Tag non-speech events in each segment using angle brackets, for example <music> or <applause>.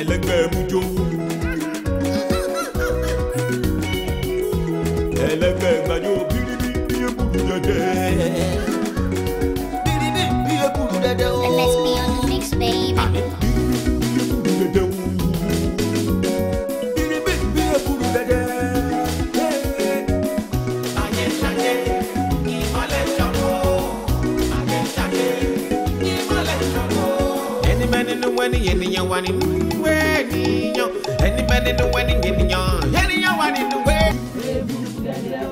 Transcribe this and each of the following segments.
ẹlẹgbẹ́ mújó. ẹlẹgbẹ́ gbàjọ biribi dẹdẹ. biribi dẹdẹ o. let's be on the mix baby. Ah, ènìyàn ẹni bẹ́ẹ̀ nínú ẹni ènìyàn ènìyàn wà nínú ẹ. ewu gẹ́gẹ́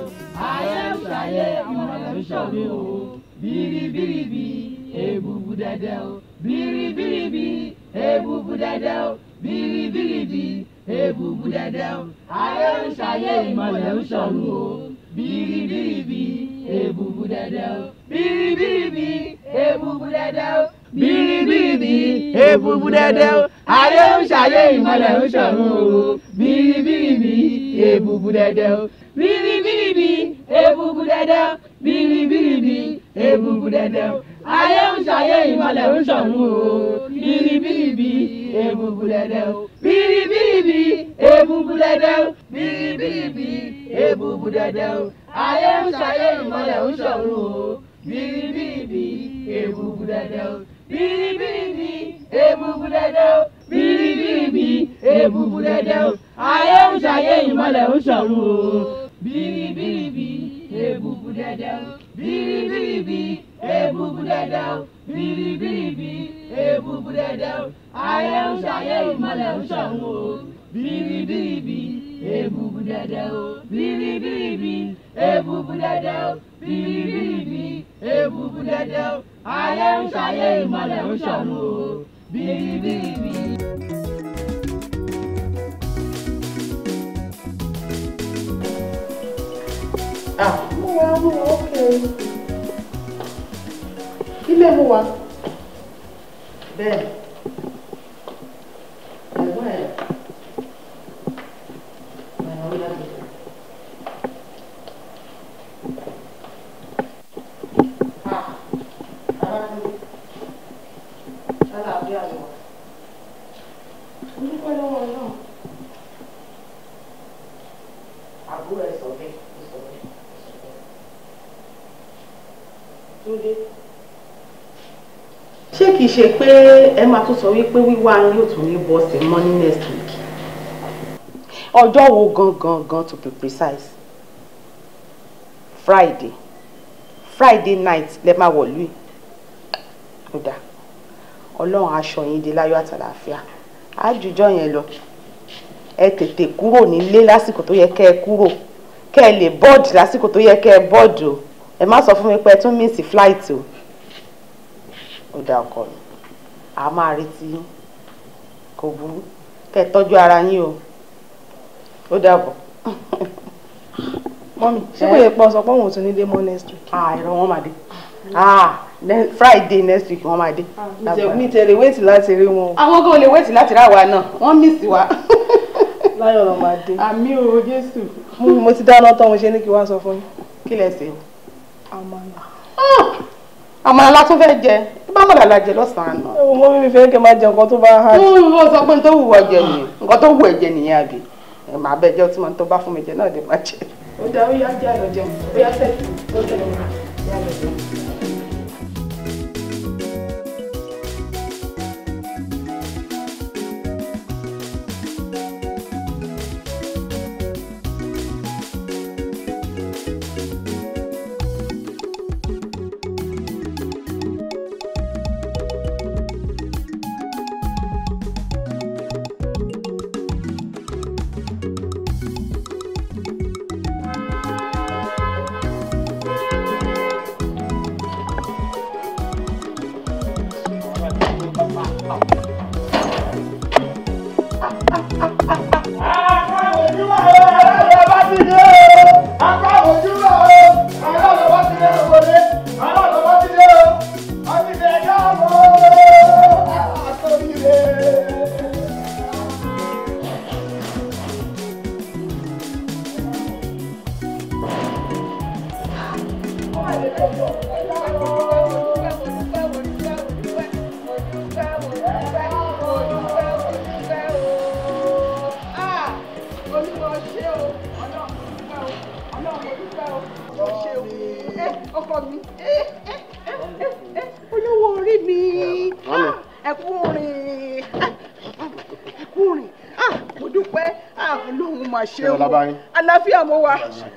ayé ṣayé ìmọ̀lẹ́bí ṣọ̀bí o bíríbíríbí ebubu dẹ́dẹ́ o bíríbíríbí ebubu dẹ́dẹ́ o bíríbíríbí ebubu dẹ́dẹ́ o ayé bi, ìmọ̀lẹ́bí ṣọ̀bí o bíríbíríbí ebubu dẹ́dẹ́ o bíríbíríbí ebubu dẹ́dẹ́ o bíríbíríbí ebubu dẹ́dẹ́ o ayé ń ṣayé ìmọ̀lẹ̀ ń ṣọ̀run o bìrìbìrìbì èbùbù dẹ̀dẹ̀ o bìrìbìrìbì èbùbù dẹ̀dẹ̀ o bìrìbìrìbì èbùbù dẹ̀dẹ̀ o ayé ń ṣayé ìmọ̀lẹ̀ ń ṣọ̀run o bìrìbìrìbì èbùbù dẹ̀dẹ̀ o bìrìbìrìbì èbùbù dẹ̀dẹ̀ o bìrìbìrìbì èbùbù dẹ̀dẹ̀ o ayé ń ṣayé ìmọ̀lẹ̀ ń ṣọ̀run o bìrìbìrìbì èbùbù dẹ̀dẹ̀ o bìrìbìrìbì èbùbù dẹ̀dẹ̀ o bíríbíríbí èbùbù dẹdẹ o ayé ń ṣayé ìmọ̀lẹ̀ ń ṣọ̀run o bíríbíríbí èbùbù dẹdẹ o bíríbíríbí èbùbù dẹdẹ o bíríbíríbí èbùbù dẹdẹ o ayé ń ṣayé ìmọ̀lẹ̀ ń ṣọ̀run o bíríbíríbí èbùbù dẹdẹ o bíríbíríbí èbùbù dẹdẹ o bíríbíríbí èbùbù dẹdẹ o ayé ń ṣayé ìmọ̀lẹ̀ ń ṣọ̀run o baby ah, mi. mo wá mo wá ókè ilé bẹ́ẹ̀. ṣe pé ẹ máa tún sọ wípé wíwá yóò tún ní bọ́ọ̀sì mọ́ ní next week ọjọ́ wo gangan gan to be precise Friday Friday night lẹ máa wọ̀lú yìí ó dáa ọlọ́run aṣọ yín di láyọ̀ àtàlàáfíà àjùjọ yẹn lọ ẹ tètè kúrò nílé lásìkò tó yẹ kẹ́ ẹ kúrò kẹ́ ẹ lè bọ́ọ̀dì lásìkò tó yẹ kẹ́ ẹ bọ́ọ̀dì o ẹ má sọ fún mi pé ẹ tún mísì flight o ó dá ọkọ mi a máa retí yín kò burú kẹ́ ẹ tọ́jú ara yín o ó dàbọ̀. <laughs> mọ́mí ṣé kò yẹ pọ̀ sọ pé òun ò tún nílé mọ́ next week. àìrọ̀ ah, wọn máa dé ah, friday next week wọn máa dé. Ah, mi tẹ̀lé wéètì láti rí wọn. àwọn gan lè wéètì láti rà wá náà wọ́n mísì wá. <laughs> láyọ̀ lọ máa dé. àmì o jésù. mo ti dáná tán mo ṣe ní kí wá sọ fún yín. kí lẹ ṣe. àmàlà. àmàlà tún fẹ́ jẹ bá mọ̀ làlàjẹ lọ́sàn-án náà. mo fi fẹ́ kí n máa jẹ nǹkan tó bá hàn. mo sọ pé n tó wù ọjẹ nìyẹn nǹkan tó wù ẹ̀jẹ̀ nìyẹn àbí màá bẹ jẹ́ ọtí máa ń tó bá fún mi jẹ náà lè má jẹ. ó dá ó yá jẹ́ àlọ́jẹun ó yá sẹ́ẹ̀tì ó tẹ̀lé mi yá lọ́jẹun.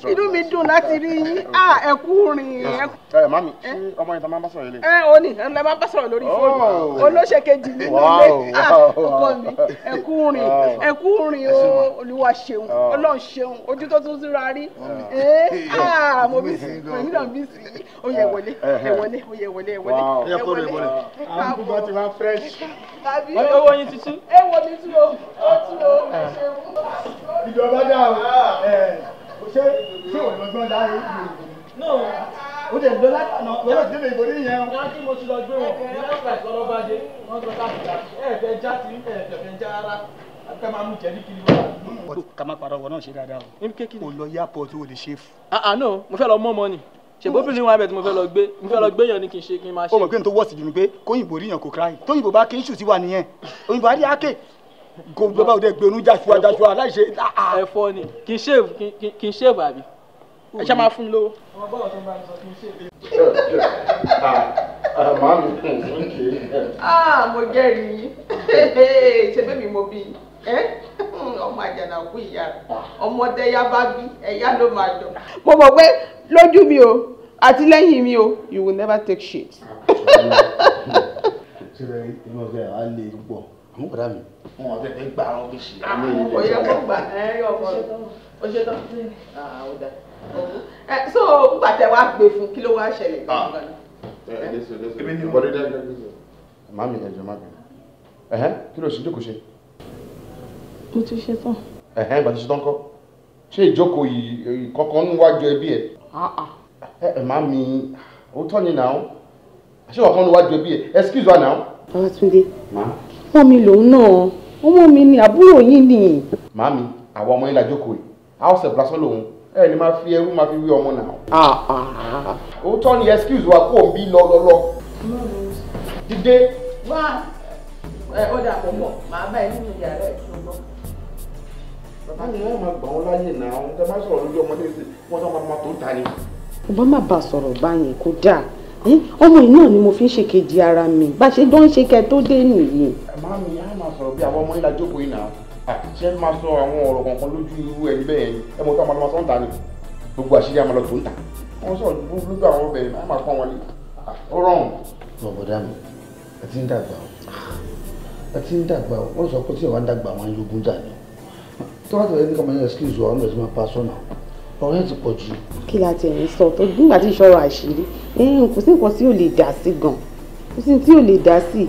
inú mi dùn láti rí yín ẹ kú rìn. ẹ mami ṣé ọmọ yẹn tó máa bá sọ̀rọ̀ yẹn lè. ẹ o ẹ máa bá sọ̀rọ̀ lórí fóònù oh, olóṣèkejì nínú ilé ọkọ mi ẹ kú rìn ẹ kú rìn o olúwa ṣeun ọlọ́run ṣeun ojú tó tún síra rí ẹ mo bí sí <laughs> èmi náà bí sí o yẹ wọlé ẹ wọlé o yẹ wọlé ẹ wọlé ẹ wọlé àwọn bùbá ti máa fresh. owó yín tuntun. ẹ wọ mi tún o ó tún o ẹ ṣeun. ìjọba dáa ah. o ṣé ṣé ìwọ lọ́gbọ́n láyé yòòrò. o jẹ lọ látànà wọlé ìdílé ìbò ní ìyẹn. láti mo ti lọ gbé wọn ní láìpẹ́ ọlọ́bàdé wọ́n sọ káàkiri ẹ̀ẹ́dẹ̀ já sí ẹ̀ẹ́dẹ̀ já rárá ká máa mú jẹ́ ní kiri wá. ká má parọ́ wọn náà ṣe dáadáa o. o lọ airport o lè ṣe fún. àà ah, ah, no mo fẹ́ lọ mọ́ mọ́ ni ṣèbóbìnrin wa bẹ̀rẹ̀ tí mo fẹ́ lọ gbé mo fẹ́ lọ gbé yàn ni kì í ṣe kí n máa ṣe. o mọ̀ pé n tó wọ́ọ̀sì jù ni pé kóyìnbó ríyàn kò cry tóyìnbó bá kí n ṣù sí wa nìyẹn òyìnbó á rí àáké gbogbo báwo dẹ gbẹnu jásùwà jásùwà aláìṣe. Ah, ah. ẹ̀fọ́ ni kì í ṣèwù kì í ṣèwù àbí ẹ ṣe máa fún mi lówó. ọmọ bọ́ọ̀ tó ń bá mi sọ kì í ṣèwù. màá mi kùn ún kì í. mo jẹ́rìí ṣe bẹ́ẹ̀ mi mo bí ọmọ àjànàkú ìyá ọmọdé yá bá bí ẹ̀yá ló máa jọ. mo mọ̀ pé lójú mi o àti lẹ́yìn mi o you will never take shit. ṣé ẹ ní ọgbẹ́ àá lè gbọ́ àwọn mi wọn ọdẹ fẹ gba àwọn gbèsè. Ah, àwọn ọyọ kò gbà ẹ yọ ọmọ rẹ o ṣe tán ó ah, dà ẹ so nígbà tẹ wàá gbé fún kí ló wàá ṣẹlẹ̀. Ah. èmi ni bọ́dé dájú má mi ẹ̀jọ̀ má mi ẹ̀hẹ́ kí ló ṣe jókòó ṣe. mo ti ṣe tán. ẹ̀hẹ́ ìgbà tó ṣe tán kọ́ ṣé ìjókòó yìí kankan níwájú ẹbí ẹ. ẹ má mi ó tọ́ ni náà ṣé kankan níwájú ẹbí ẹ excuse wa náà. Babátúndé wọn mi lòun náà ọmọ mi ni àbúrò yín ni. màámi àwọn ọmọ yín la jókòó yìí house of lásán lòun ẹ ní máa fi ẹrú máa fi wí ọmọ náà. Ah, ah, ah. òótọ́ ni excuse wa kó o bí lọ lọ lọ. dìde. wá ẹ ó dà pọ̀ mọ́ màá bá ẹ nínú yàrá ẹ̀ tó gbọ́. bàbá mi wọ́n máa gbà wọ́n láyè náà wọ́n tẹ́ bá sọ̀rọ̀ lójú ọmọdé sí wọ́n tọ́ máa tó ta ni. ọba má bàa sọ̀rọ̀ báyìí kó dáa ọmọ yìí náà ni mo fi ń ṣe kejì ara mi bá ṣe dán ṣe kẹ tó dé nìyí. màámi á máa sọ̀rọ̀ bí àwọn ọmọ ńlá jókòó yìí náà àṣẹ máa sọ àwọn ọ̀rọ̀ kankan lójú irú ẹni bẹ́ẹ̀ ni ẹ mọ̀ tó àwọn ọmọ sọ́ńtà ni gbogbo àṣírí àmọ́ lọ tó ń tà wọ́n sọ̀rọ̀ lójú àwọn ọbẹ̀ yìí máa pọ́n wọn lé ó rọrùn. bọ̀bọ̀dá mi ẹ ti ń dàgbà o ẹ ti ń dàgbà o wọ́n sọ pé tí ìwà ń dàgbà wọn yóò ni tó bá tẹ̀lé ní kọ́mọ ọ̀rẹ́ ti pọ̀ jù. kí la ti ẹ̀yìn sọ tó nígbà tí ìṣọ̀rọ̀ àṣírí kò sí nǹkan tí ò lè dá sí gan kò sí tí ò lè dá sí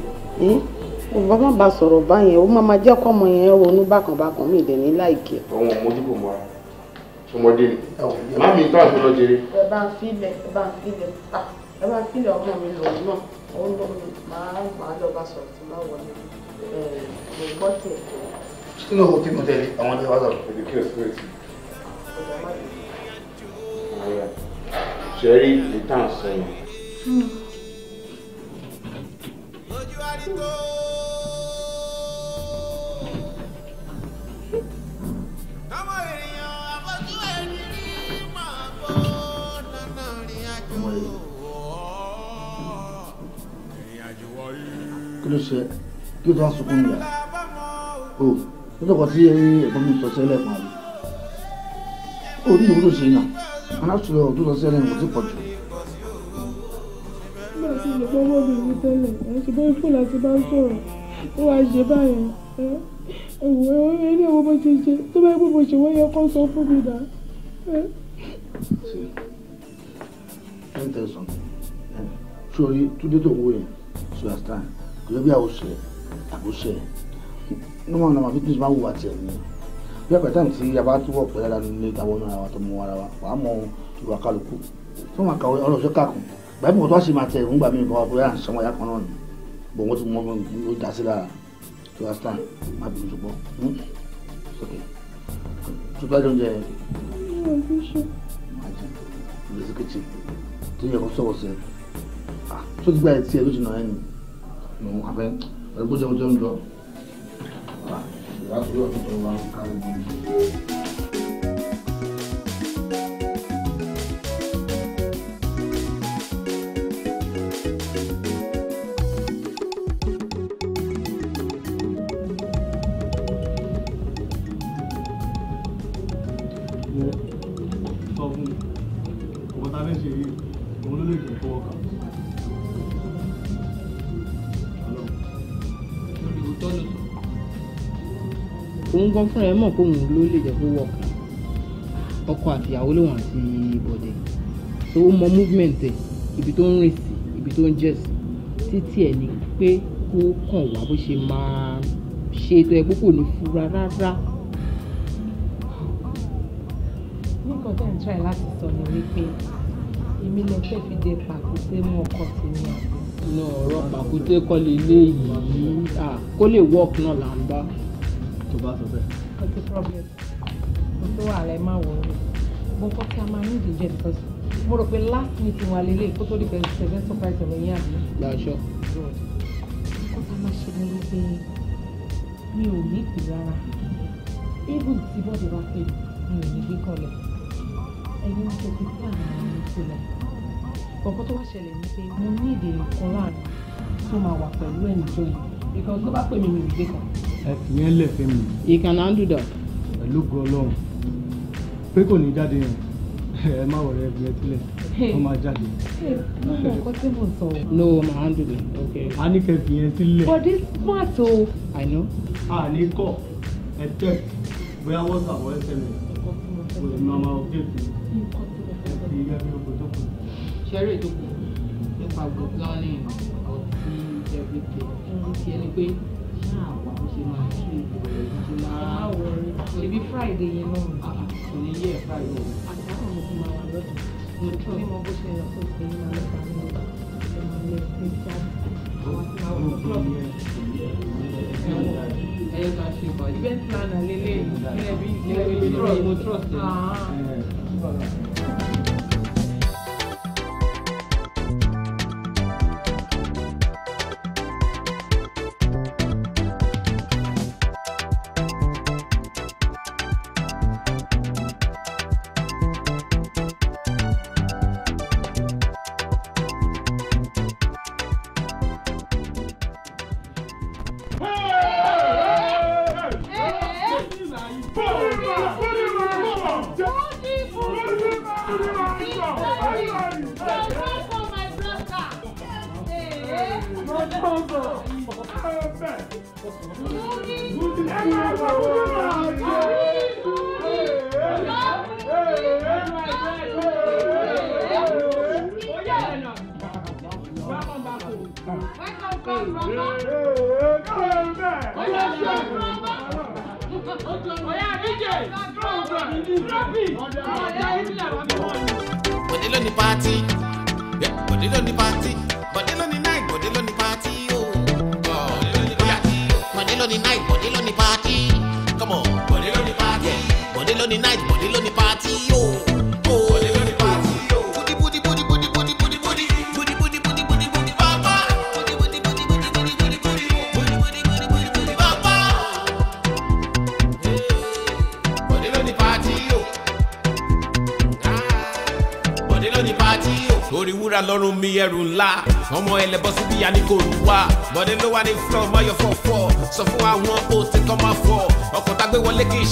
o bá má ba sọ̀rọ̀ báyẹn o má ma jẹ́ kọ́mọ yẹn ronú bákan bákan mi ìdẹ̀ ní láìkẹ́. ọmọ mojúbò mọ́ra ọmọdé ni má mi tó àti lọ jèrè. ẹ bá ń filẹ̀ ẹ bá ń filẹ̀ ẹ bá ń filẹ̀ ọmọ mi lòun náà òun lòun máa máa lọ bá sọ̀rọ̀ tí máa wọlé ẹ̀ ẹ̀ gbọ́ tẹ̀. sínú òkè mọ̀tẹ́lẹ̀ àwọn ọdẹ wa sọ̀rọ̀. Nàìjíríà ṣe rí ìtàn sẹ́yìn. kí ló tó ń sunkún yàrá o oh, lọ́dọ̀ kan tí ẹ̀gbọ́n mi sọ sẹ́lẹ̀ kan rí orí ìwúlò ṣe yàn and after ọdún lọ sí ẹlẹ́yìn kò sí pọ̀ jù. nígbà tí mo gbọ́ bọ́ọ̀lù yìí tẹ́lẹ̀ ẹ̀ ṣe bọ́ fún láti bá ń sọ̀rọ̀ ó wàá ṣe báyẹn ẹ̀ ẹ̀wọ̀ ilé ìwọ bó ṣe ṣe tó bá yẹ bó ṣe wọ́n yẹ kó sọ fún mi dà. ẹ ń tẹ sọ sórí túndé tó wó yẹn so as time kò lè bí àwòṣe àbòṣe ní wọn náà fi tún ìsúnmáwò àti ẹ̀mí bí àpẹẹtàn tí a bá túbọ̀ pẹ́ dáadáa nílé ìtawọ́ náà wa tó mú ara wa wàá mọ ìwà kálukú fún wa kàwé ọ̀rọ̀ ìṣọ́kà kan báyìí mọ̀ tó wá sì máa tẹ ìrúgbà mi ìbọn ọkùnrin à ń sanwó ẹ̀yà kan náà ni bọ̀ wọ́n ti mọ ọmọ ìlú dá sí lára tó wá stan má bínú tó bọ́ tó bá jẹun jẹ bisikíìtì tó yẹ kó sọ̀rọ̀ sí ẹ tó ti gba ẹ̀ tí ẹ ló ti nà ẹ́ nù àfẹ́ ẹ̀ bó jẹun jẹun jọ. 主要是东方干净。òun gan ẹ mọ̀ pé òun ló lè jẹ́ kó wọ̀ kan ọkọ àtìyàwó lòun àti bọ̀dẹ̀ so ó mọ movement ẹ̀ ibi tó ń rìn sí ibi tó ń jẹ̀ sí títí ẹ̀ ni pé kó kàn wá bó ṣe máa ṣe ètò ẹ̀ púpọ̀ ní fura rárá. nǹkan tó ń try láti sọ ni wípé èmi lè fẹ́ fi de pàkúté mú ọkọ tèmi àti. náà ọ̀rọ̀ pàkúté kọ́ lè léyìí kó lè work náà là ń bá tó bá sọ bẹ́ẹ̀. ọjọ́ problem mo tó wà lẹ́ máa wọ̀ ọ́ mo kọ́ kí a máa ní ìdíje because mo rò pé last meeting wa lélẹ̀ kó tó di bẹ̀rẹ̀ seven surprise ọ̀rọ̀ yín àbí. láṣọ. kó tá a máa ṣe ní wípé mi ò ní ìpè rárá even tí bọ́ọ̀dù bá pè mi ò ní gbé kọ́lẹ̀ ẹ̀yin ń tètè fún àwọn ọmọ mi sílẹ̀ kọ̀ọ̀kan tó wá ṣẹlẹ̀ ni pé mo ní èdè kan láàrin tó máa wà pẹ̀lú ẹ̀nìjọ́ yìí because tó bá pè mí mi ò gbé kan ẹ fi yẹn lẹ̀ fẹ́ mi. can handle that. pẹ̀lú gan ọlọ́run pé kò ní jáde yẹn ẹ má wọ̀rẹ́ ẹ fi yẹn sílẹ̀ wọ́n máa jáde. mo mọ nǹkan tí mo sọ. no ma handle it okay. a ní kẹ́ fi yẹn sílẹ̀. this smart o. i know. a ní kọ ẹ tẹ bóyá whatsapp or sms kò ní máa máa update mi ẹ fi yẹn bí o kò tó kù. ṣẹ́rí ètò kù nípa gbọ̀ngàn ní ọ̀sìn ẹ̀bìtì ti ẹni pé ṣáà wá ṣèbí friday yẹn náà kò ní yẹ friday o. àtàwọn ọmọ tó máa wà trust mo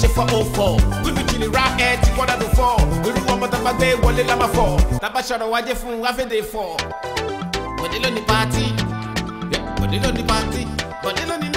for o oh four lóbi jìnnìra ẹ ti kọ́ dàdú fọ́ irú ọmọ tàbá gbé wọlé lámà fọ́ tàbá sọ̀rọ̀ wájé fún wáfẹ́dẹ̀ fọ́ bọ̀dé lónìí pàtì bọ̀dé lónìí pàtì bọ̀dé lónìí.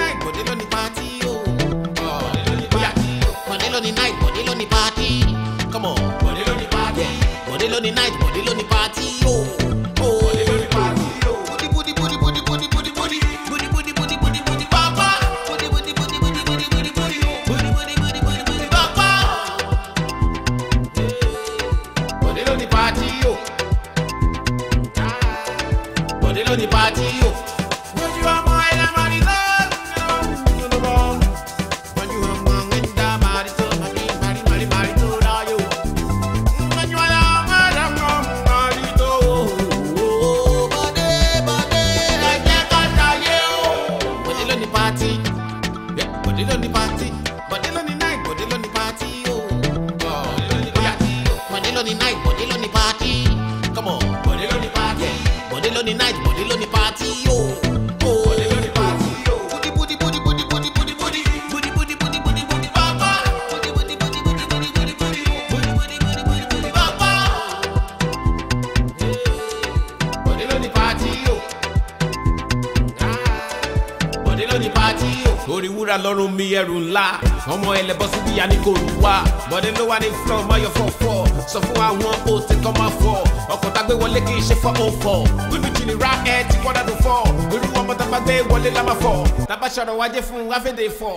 04 wíwíjì ní ra ẹ̀ ti kọ́dà tó fọ́ irú ọmọ tá a bá gbé wọlé la máa fọ́ tábà sọ̀rọ̀ wájé fún wáfẹ́dẹ̀ fọ́.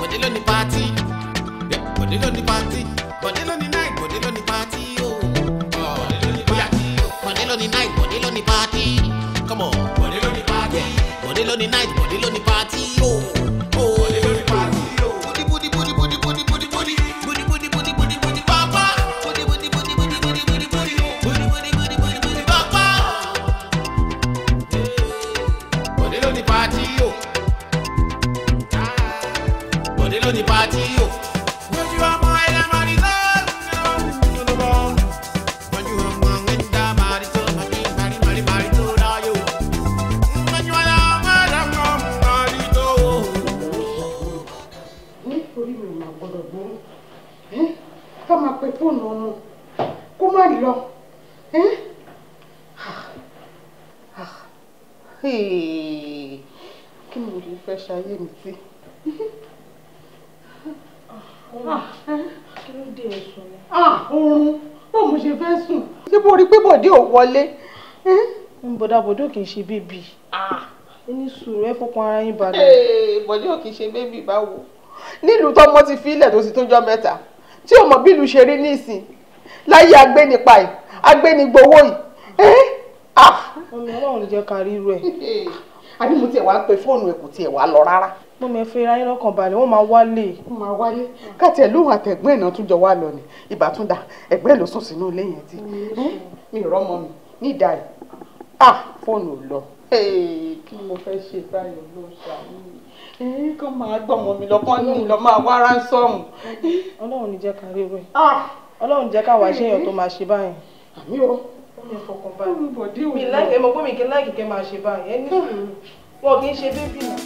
bọ̀dé ló ní pátì bọ̀dé ló ní pátì bọ̀dé ló ní náì bọ̀dé ló ní pátì o. bọ̀dé ló ní náì bọ̀dé ló ní pátì. come on bọ̀dé ló ní pátì bọ̀dé ló ní náì bọ̀dé ló ní pátì. ṣayé mi sí. Ah, ah, kí ló dé ẹ̀sùn ni. Ah, oorun bó mo ṣe fẹ́ sùn. ṣé bó rí pé bòde ò wọlé. bọ̀dà bòde kì í ṣe bébì. ó ní sùúrù ẹ fọkàn ara yín balẹ̀. Eh, bòde ò kì í ṣe bébì báwo. nílùú tọmọ ti fi ilẹ̀ tó ti tún jọ mẹ́ta tí ò mọ bí ìlú ṣe rí nísìn láyé agbénipa yìí agbénigbowó yìí. ọmọ ọlọ́run jẹ́ ká rí irú ẹ̀. <laughs> Eh àbí mo tiẹ̀ wá ń pe fóònù ẹ̀ kò tiẹ̀ wá lọ rárá. mo mẹ fi ra yín lọ́kàn balẹ̀ wọ́n máa wálé. wọ́n máa wálé káàtì ẹ̀ lóhùn àtẹ̀gbọ́n ẹ̀ náà tún jọ wá lọ ni ìbá tún da ẹ̀gbọ́n ẹ̀ ló sùn sínú ilé yẹn ti mm. hm? mi rọ́mọ mi ní ìdá ẹ̀ ah fóònù ò lọ. kí mo fẹ́ ṣe báyìí ló ṣàmì èyí kan máa gbọ́mọ mi lọ́kàn ní ìlọ máa wá ránsọ́ọ̀mù. ọlọ́run ní jẹ́ ká rí rẹ̀ ah! ọlọ́run jẹ́ ká wàá ṣèyàn mi fọkàn mi láì ẹ mọ̀ pé mi kí n láì kí máa ṣe báyìí ẹ ní sùúrù wọn kì í ṣe bébì náà.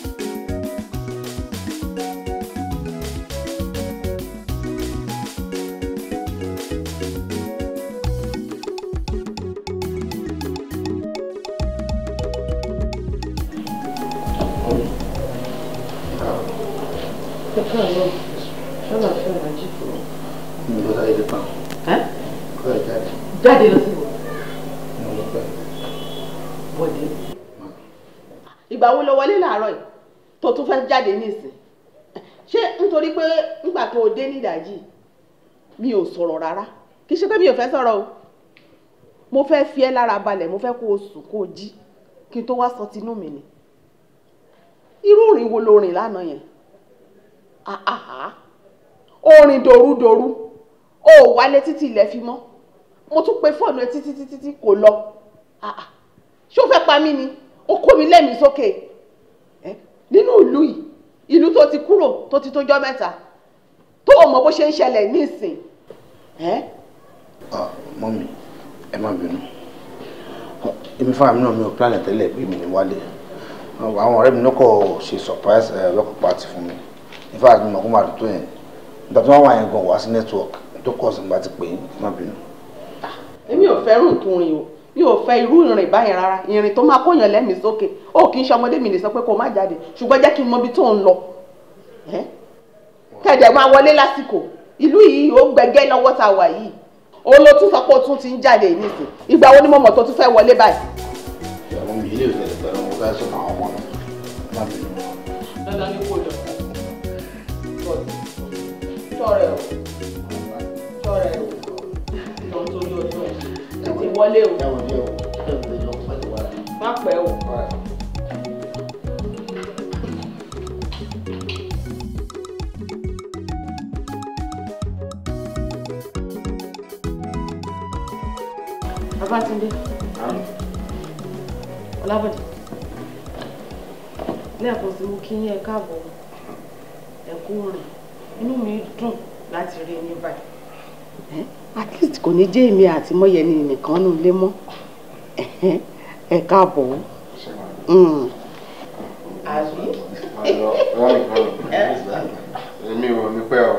jáde nísìn ṣé nítorí pé nígbà tó o dé nídàájì mi ò sọ̀rọ̀ rárá kì í ṣe pé mi ò fẹ́ sọ̀rọ̀ o mo fẹ́ fi ẹ́ lára balẹ̀ mo fẹ́ kó o sùn kó o jí kí n tó wá sọ tinú mi ni irú ìrìn wo lo rìn lánàá yẹn àhàhà orin dòrúdòrú o ò wálé títí ilẹ̀ fi mọ́ mo tún pe fóònù ẹ títí títí kò lọ ṣé fẹ́ pa mí ni o kó mi lẹ́mìí sókè. Okay ti kúrò tó ti tójọ́ mẹ́ta tó o mọ bó ṣe ń ṣẹlẹ̀ nísìn. Ah, mọ́mí ẹ má bínú èmi fún àmì náà mi ò pílánì tẹ́lẹ̀ pé mi ní wálé àwọn ọ̀rẹ́ mi lọ́kọ̀ ṣe surprise lọ́kọ̀ party fún mi in fact mi mọ̀ kó máa dùn tó yẹn nígbà tó wọ́n wà yẹn gan wá sí network tó kọ̀ sí nígbà tí pé má bínú. Ah, èmi ò fẹ́ràn ìtúrin o mi ò fẹ́ irú ìrìn báyìí rárá ìrìn tó máa kóyàn lẹ́mìí sókè ó kì í ṣe ọmọdé mi lè sọ pé kó má jáde ṣùgbọ́n jẹ́ kí n mọ ibi tó ń lọ kẹ̀dẹ̀ máa wọlé lásìkò ìlú yìí ó gbẹ̀gẹ́ lọ́wọ́ tá a wà yìí òun ló tún sọ pé ó tún ti ń jáde nísìn ìgbà wo ni mo mọ̀ tó tún fẹ́ wọlé báyìí. ìyàwó mi ilé ìtẹ̀lẹ̀ pẹ̀lú mo fẹ́ sọ̀rọ̀ àwọn ọmọ mi láti inú. dandan ni kò jọ tọrẹ o tọrẹ o ìtàn tó ní ọjọ́ ìtàn ti wọlé o má pẹ́ o. Babátúndé. Ọlábọ̀dé. Lẹ́ẹ̀kan sí mo kí yín ẹ káàbọ̀ ẹ kú rìn. Inú mi dùn láti rí yín báyìí. At least kò ní jẹ́ èmi àti Mọ́yẹ̀ni nìkan nù lé mọ́. Ẹ káàbọ̀. Hmm. Àbí? Èmi ò ní pẹ́ o.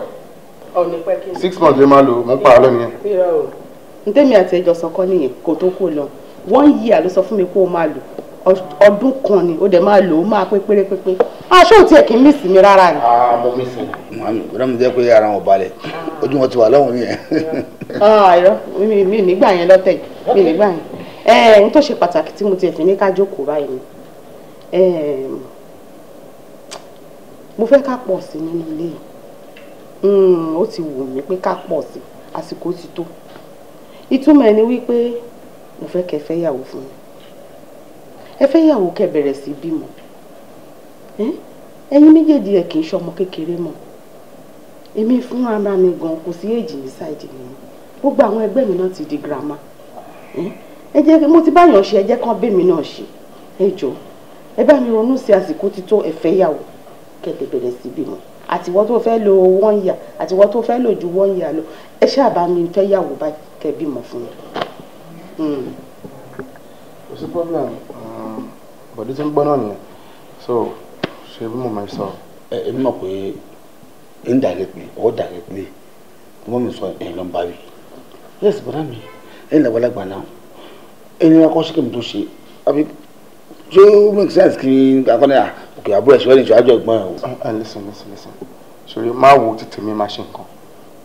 Ò ní pẹ́ kí ni? Six months ló máa lò, mo ń pààrọ̀ nìyẹn ntẹ́mi àti ẹjọ́ sọ̀kọ́ nìyẹn kò tó kó lọ one year ló sọ fún mi kó o máa lò ọdún kan ni ó dẹ̀ máa lò ó máa pé pérépépé aṣọ òtí ẹ̀ kì í mísì mi rárá ni. Ah, mo mísì màmí kò dáhùn jẹ́ pé ara wọn balẹ̀ ojú wọn ti wà lọ́hùn yẹn. Ah, irọ́ mi nígbà yẹn lọ́tẹ̀ mi nígbà yẹn ẹ̀ẹ́n eh, tó ṣe pàtàkì tí mo ti fi ní ká jókòó báyìí ni ehm, mo fẹ́ ká pọ̀ sí nínú ilé yìí hmm, ó ti wù mí pé ká pọ̀ sí àsìkò ti tó ìtumọ̀ ẹni wípé mo fẹ́ kẹ́ fẹ́ yàwó fún mi ẹ fẹ́ yàwó kẹ́ bẹ̀rẹ̀ sí bímọ ẹ̀yin méjèèjì ẹ kì í ṣọmọ kékeré mọ́ èmi fún ara mi gan kò sí èjì ní ṣáìdì mi gbogbo àwọn ẹgbẹ́ mi náà ti di girama ẹ jẹ́ mo ti báyàn ṣe ẹ jẹ́ kán bẹ́mi náà ṣe ẹ jọ ẹ bá mi ronú sí àsìkò tító ẹ fẹ́ yàwó kẹ́ lè bẹ̀rẹ̀ sí bímọ àtiwọ́ tó fẹ́ lo one year àtiwọ́ tó fẹ́ lo ju one year lọ ẹ ṣáà bá mi fẹ́ yàwó báyìí kẹ́ bímọ fún un. Hmm. kò sí problem um, bọ̀dé tí ń gbọ́ náà nìyẹn so ṣe bí mo máa sọ. ẹ ẹ mọ̀ pé indirectly or directly tí wọ́n mi sọ ẹ̀yìn ló ń bá wí. yes bọ̀dá mi ẹ̀yìn làwọn alágbà náà ẹni akọ́ ṣe kí n tó ṣe àbí ṣé ó make sense kí n akọ́ni à ah, òkè àbúrò ẹ̀ṣọ́ ẹ̀ṣọ́ àjọ ẹ̀gbọ́n ẹ̀ o. Uh, uh, listen listen listen ṣòro máa wo tètè mi máa ṣe nǹkan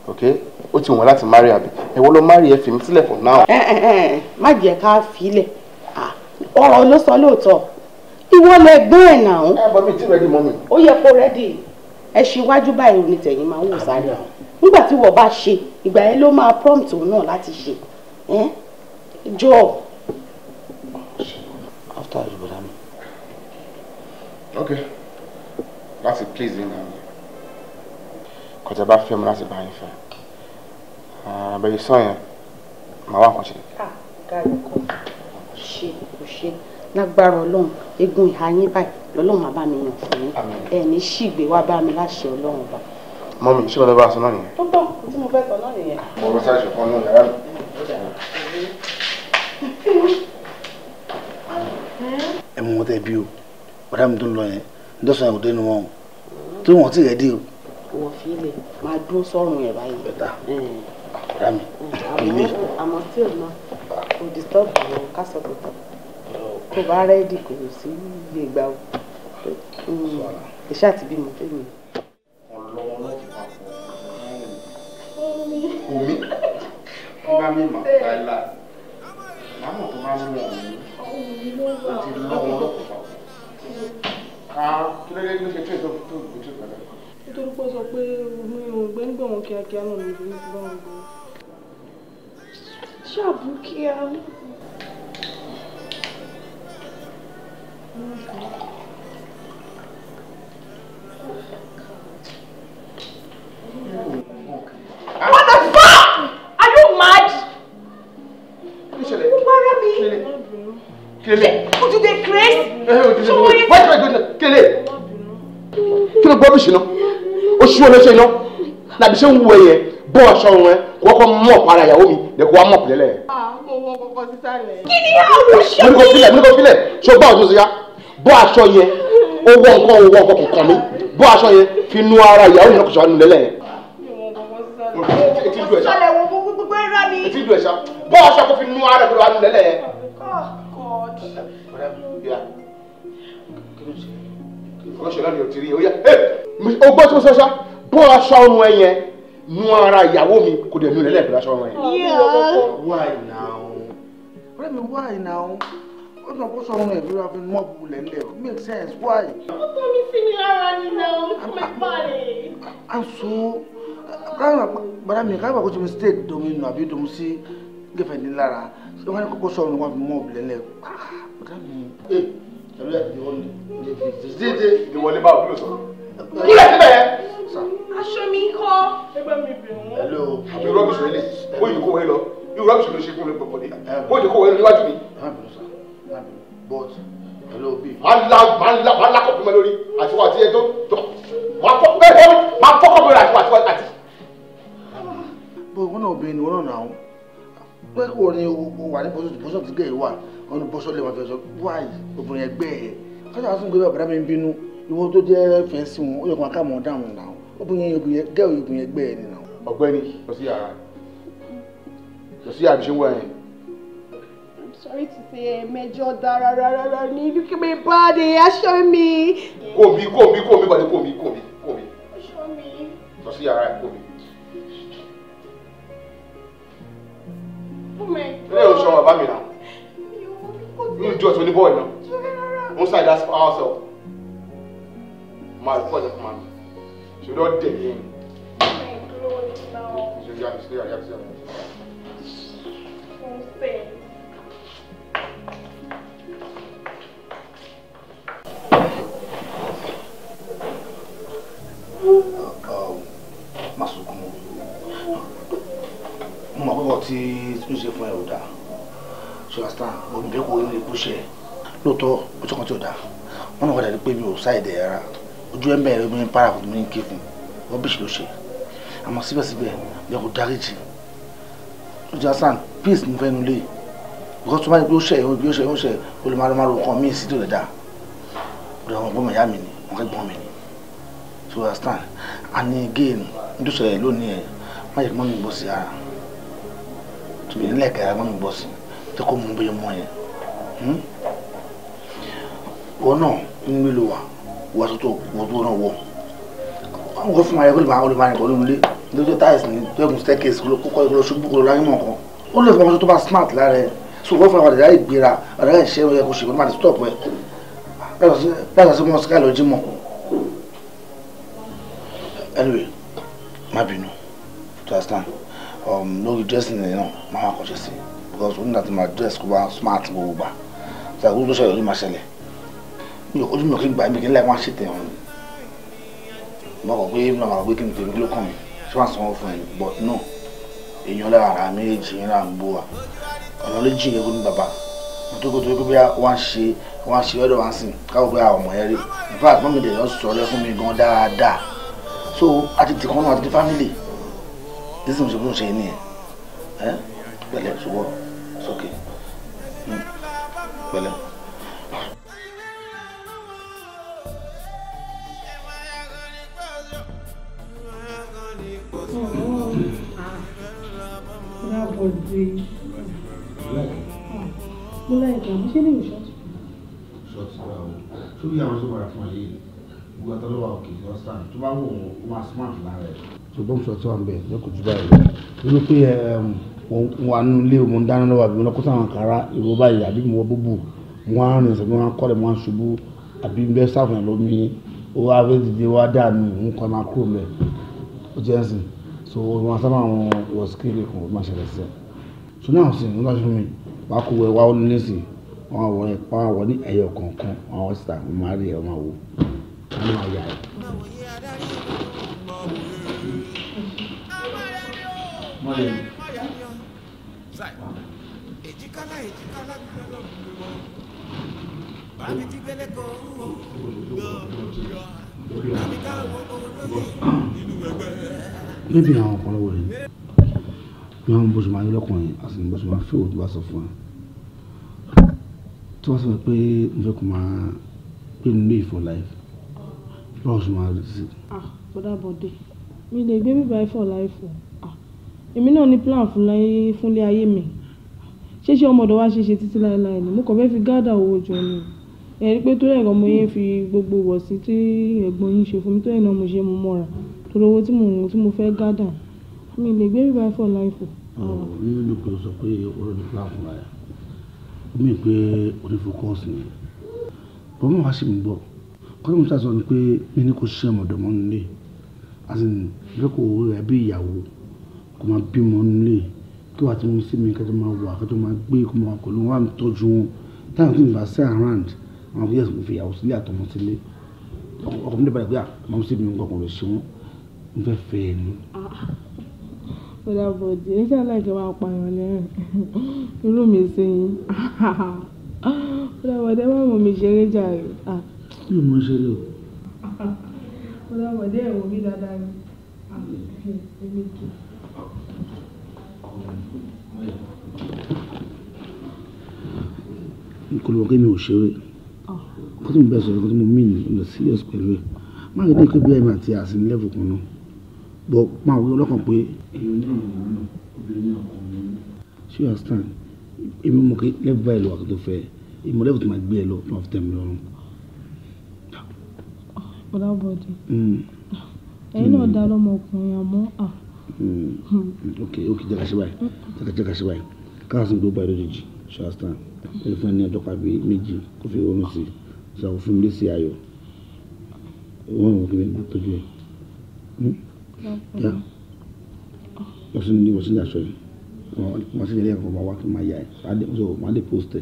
okay ó ti wọ̀n láti marry àbí ẹ̀wọ́ ló marry ẹ̀ fìmí sílẹ̀ for now. ẹ ẹ ẹ má jẹ́ ká filẹ̀ ọ̀rọ̀ ló sọ lóòótọ́ ìwọ lẹ gbé ẹ̀ nà ó. ẹ bọ mi ti rẹ́dí mọ́ mi. ó yẹ kó rẹ́dí ẹ ṣíwájú báyìí òní tẹ̀yìn máa ń wò sáré àwọn nígbà tí wọ́n bá ṣe ìgbà yẹn ló máa prompt òun náà láti ṣe jọ. after you bọ̀dá mi. ok láti please yín náà kọjá bá fẹ́ mu láti bá yín fẹ́ àbẹ̀yẹ ah, sàn yẹn màá wà kàn ṣe. gàrí kò ṣe kò ṣe lágbára ọlọ́run egun ìhà yín báyìí lọ́lọ́run àbá mi yàn fún yín ẹ̀ ní ṣìgbé wá bá mi láṣẹ ọlọ́run ọba. mọ́mí ṣé wọ́n lè bá aṣọ náà nìyẹn. tó tọ́ tí mo fẹ́ sọ náà nìyẹn. mo rọ sáà ṣùkọ́ nù yàrá mi. ẹ mú wọn tẹ bí o bàdá mi tó ń lọ yẹn ndọ́sàn yẹn kò dénú wọn o tí wọn ti rẹ̀ dé o. wọ́n fi ilé máa dún sọ́run ẹ̀ báyìí ọ̀rá mi ilé. àmọ́ tí o mọ kò disturb àwọn kásọ̀tò tán tó bá rẹ́ẹ̀dì kò sí iye ìgbà o ìṣe hmm, àti bímọ fẹ́mi. ọlọ́wọ́ láti máa fọ omi bá mi mọ̀ láìla láwọn tó máa ń mú ọ̀hún ó ti lọ́wọ́ lọ́kùnfà. ká kí ló ṣe tí èso tó gbé tó nítorí pé ó sọ pé mi ò gbẹ́ngbọ̀n kíákíá náà ló ń gbé báwọn gbọ́ ṣàbùkíà. What the fuck? Are you mad? Mo para mi. Kele. O ti dey craze. Sọmọ yẹn. Wait wait wait Kele. Kí ló gbọ́ bí ṣe náà? Oṣù ọlọ́ṣẹ́ iná. Làbí ṣe ń wú ẹyẹ bọ́ ọ̀ṣọ́ wọn ẹ̀ wọ́n kọ́ mọ̀ para ìyàwó mi lè kó wa mọ̀ pìlẹ̀ lẹ̀. mo wọ kọkọ sísàlẹ̀. kí ni àwọn ṣe mí. mímú kò filẹ̀ mímú kò filẹ̀ ṣùgbọ́n àwọn oṣooṣù ya bọ́ aṣọ yẹn ó wọ nǹkan ó wọ nǹkan kò kàn mí bọ́ aṣọ yẹn fi nu ara ìyàwó mi náà kò sọ àánú lẹ́lẹ̀ yẹn. bọ́ aṣọ kò fi nu ara kò sọ àánú lẹ́lẹ̀ yẹn. ọgbọ́n tí mo sọ ṣá bọ́ aṣọ ọrùn ẹ yẹn mú ara ìyàwó mi kò dẹ̀ nulẹ̀ lẹ́ẹ̀bí lásán wọn yẹn. why now ọ̀rẹ́ mi why now ó dùn kó sọ̀rọ̀ ẹ̀ lórí àfi mọ́ bu lẹ́lẹ̀ it make sense why. ó tó mi sí mi lára ni náà ó fún mi balẹ̀. à ń so káyọ̀ bàrà mi káyọ̀ kó ti mi state domi nù àbí domi sí gẹ̀fẹ̀ ní lára ṣé wọ́n ní kókó sọ̀rọ̀ ni wọ́n fi mọ́ bu lẹ́lẹ̀ bàrà mi. ẹ ẹ ìwọlé báwo kí ló sọ kúlẹ̀ síbẹ̀. aṣọ mi kọ́. ẹ bá mi bẹ̀ wọ́n. hello mi rọ́bìsì rẹ lè bó yìí kó wẹ́ lọ mi rọ́bìsì ló ṣe fún mi pọ̀pọ̀ ní bó yìí kó wẹ́ lọ níwájú mi. but hello bí. máa ń la máa ń la máa ń la kọ̀ọ̀kú mọ́ lórí àti wà á ti ẹ tó tó máa fọ́ bẹ́ẹ̀ bọ́ máa fọ́ kọ́ bẹ́ẹ̀ àti wà á ti. bó wọn náà obìnrin ni wọn náà nà án pé kò ní o wà ní bọ́sọ̀ tí gẹ̀ẹ́ wà ọ̀nà bọ́sọ̀ lè wà fẹ́ sọ wáyé obìnrin ẹgbẹ́ ẹ̀ kájà fún gbé bàbá mi bínú ìwọ tó jẹ́ fẹ́ǹsì wọn ó yẹ kó akáàmọ̀ dáhùn náà obìnrin obìnrin gẹ́ obìnrin ẹgbẹ́ ẹ̀ nìyẹn. ọ̀gbẹ́ni lọ sí yàrá lọ sí yàrá bí ṣe I'm sorry to say ẹ̀ẹ̀mẹjọ dára rárá ní look at my body aṣọ mi. kò mí kò mí kò mí bàdé kò mí kò mí kò mí. aṣọ mi. lọ sí yàrá ẹ̀ kò mí. ilé ìròyìn sọ̀rọ̀ bàbá mi náà. mi ò kò tí. náà. mo ṣàìdá ourselves máa kọ́ ọ̀jẹ̀ fún mi ṣòro ọ̀dẹ̀ yẹn. Masukumu, mo mọ̀ pé wọ́n ti tún ṣe fún ẹ̀ ò dáa ṣọ́ọ́sán òun bẹ́ẹ̀ kó o ní ikú ṣe lóòótọ́ ọjọ́ kan tí ò dáa wọn náà wọ́n dàbí pé mi ò sáì dẹ̀ yàrá ojú ẹ̀ ń bẹ̀rẹ̀ mi para kò mí ké fún rubbish ló ṣe àmọ́ síbẹ̀síbẹ̀ lè kó dáríjì ojú asan peace ní fẹ́nu lé because tó bá yẹ pé ó ṣe ìhó bí ó ṣe ìhó ṣe olùmọ̀lọ́mọ̀lọ́ kan mí sí tó lè dá ọ̀dọ̀ àwọn ọgbọ́n ìyá mi ni wọ́n kẹ́ gbọ́n mi ni so you understand and again ndúṣọ̀ ẹ̀ lónìí ẹ̀ má yẹ kí mọ́mí gbọ́ sí ara tòbí nílẹ̀ kẹ́ra mọ́mí gbọ́ sí tó kó mú bóyá mọ́ yẹn òun hmm? náà ń nílò wà wọ́n tó tó wọ́n tó náà wọ̀ wọ́n fún ayẹyẹ olùbá olùbá nìkan ló ń lé lójó táyẹ̀sì ní gbẹ̀gùn staircase kó kọ́ ìkọlọ ṣubú kó láyé mọ̀ kan ó lè fọwọ́n tó bá smart lára ẹ̀ so wọ́n fún àwọn àdàdà ìgbéra àdàdà ìṣe ẹ̀rọ ẹ̀kọ́ ṣèkọ́ máa ti stop ẹ̀ láti mọ́ sky lọ jímọ̀ anyway má bínú to understand lórí um, dressing ẹ̀ náà má wà kọ̀ọ̀ṣẹ̀ sí because ó ní láti máa dress kó bá smart gbogbo gbà ṣàkóso ló ṣẹlẹ̀ ló máa ṣẹlẹ̀ mi ò ojú mi ò kí gbà mí kí n láì wá ṣètẹ̀ ọ̀hún mo kọ̀ pé mo kọ̀ pé kí n tèmi ló kàn mí ṣé wàá sanwó fún ẹ but no èèyàn lára ara méjì ńlá ń bó wa ọ̀nà ló jìn egun ní bàbá nítorí pé bí wọ́n ṣe wọ́n ṣe lọ́dọ̀ wá sí káwọ́ pé àwọn ọmọ yẹn rí in fact mọ́mí dẹ̀ lọ sọ ọ́lẹ́ fún mi gan dáadáa so àti tìkan náà àti ti family this is what ṣe nìyẹn ẹ pẹ̀lẹ́ ṣùgbọ́n sókè hmm. pẹ̀lẹ́. ọ̀dẹ. Ah, mo láì gbà mo ṣe ní ìṣọ́tù. ṣọ́ọ̀tù bá o tó bí àwọn sọ́kọ̀rọ̀ fún ọ̀yẹ́ yìí gbogbo àtọ́lọ́wà òkè ọ̀sán tó bá wù ó máa smart lára ẹ̀. ṣùgbọ́n sọ tó wà ń bẹ̀ ní kò jù báyìí lórí pé wà nínú ilé mo ń dáná lọ́wọ́ àbí mo lọ kó sáwọn kàrá ìwọ báyìí àbí mo wọ búbù wọn á rìn sọ̀rọ̀ wọn kọ́lẹ̀ wọn ṣubú àbí bẹ́ẹ̀ sáfún ẹ̀ lómi ó wá fẹ́ dìde wá dànù nǹkan máa kúrò mẹ́ ó jẹ́ ẹ̀sìn so wọn sábà wọn wọ skill kan wọn máa ṣẹlẹ̀ sí ẹ so náà sì nígbà tó mi wàá kó wẹ wàá ní sí wọn wọ ẹ wọn wọ ní ẹyọ kọ̀ọ̀kan wọn wọ síta wọn máa rí ẹ wọn máa wò wọn máa yà ẹ. èjìkálá èjìkálá gbọ́dọ̀ gbọ́ bàbá ti gbẹlẹ kọ ọ gbọ́ yọ àbíká owó lórí nínú ẹgbẹ́ níbi àwọn ọ̀pọ̀ lọ́wọ́ yìí ní àwọn bó ṣe máa yẹ lọ́kùnrin àti bó ṣe máa fẹ́ òtún bá sọ fún wa tí wọ́n sọ pé n fẹ́ kó máa pè mí lé for life báwo ṣe máa rí sí. bọ́dà ah, bọ́dé mi lè gbé bíbá ẹ̀ for life o ah, èmi náà ní plan fúnlé ayé mi ṣéṣe ọmọdọ̀ wa ṣeṣe títí láéláé ni mo kàn fẹ́ fi gádà owó jọ ni ẹ̀rí pé tó ẹ̀rọ ọmọ yẹn fi gbogbo wọ̀ sí tí ẹ̀gbọ́n yín ṣe fún mi tó ẹ̀nà mo ṣe mo mọ́ra torí owó tí mo ń tí mo fẹ́ gádà mi lè gbé bíbá for life o. nínú ìlú kan sọ pé ọ̀rọ̀ ní plan fún ẹ ó mì pé onífọkọ́sì ni bọ́mọ̀ wá sí mi gbọ́ kọ́ni mo sàṣọ ni pé mi ní kò ṣe ọmọdọ̀mọ́ nílé àti bẹ́ẹ̀ kò rẹ̀ bí ìyàwó kò máa bímọ nílé kí wàá ti mú sí mi kẹ́tọ́ máa wà kẹ́tọ́ máa gbé kó máa kọ̀ ló wà ń tọ́jú wọn táwọn tó ń bá sí around àwọn fi yẹ kó fi ìyàwó sílé àtọmọ sílé ọkọ̀ mi lè balẹ̀ pé àwọn sí mi ń gbọ́ kò wọn mo fẹ́ fẹ́ ẹ ni. bọ́dà ah, bọ̀dì ẹ ṣáà láì jẹ́ wàá pààyàn lẹ́rìn irú mi sí yín bọ́dà bọ̀dì ẹ má mọ̀ mi ṣeré jàre. Ah. kí mo ṣeré o. bọ́dà bọ̀dì ẹ̀ wò mí dáadáa ni èmi kì í. nkolowo kí mi ò ṣeré ah. kó tí mo bẹ sọ̀rọ̀ kó tí mo mí ní lọ sí ọ̀sẹ̀ pẹ̀lú ẹ̀ má rí ní kí bí ẹ̀ máa ti àsìn lẹ́fù kan náà bọ̀ máa wọ ọlọ́kàn pé. èèyàn ní ìyàwó náà obìnrin náà kò ní. ṣé o understand èmi mọ̀ kí lẹ́fù báyìí lọ àkótó fẹ́ ìmọ̀ lẹ́fù tó máa gbé ẹ lọ fún àfitẹ́ mi lọ́rùn. bọ́dá bọ́dí hmm. ẹ̀yin náà hmm. dá lọ́mọkùnrin àmọ́ à. Hmm. ok ok jẹ́ka ṣe báyìí jẹ́ka jẹ́ka ṣe báyìí káàsì gbogbo ẹ̀ lójijì ṣé o understand ẹ̀rọ fún ẹ ní ọjọ́ pàbí méjì kó fi oorun sí ṣàwọn fún mi lé sí ayọ̀ òun ò kí mi máa tọ́jú ẹ̀ ya wasu ni wasu da shoyi masu jere ko bawa ki ma ya ade so ma de post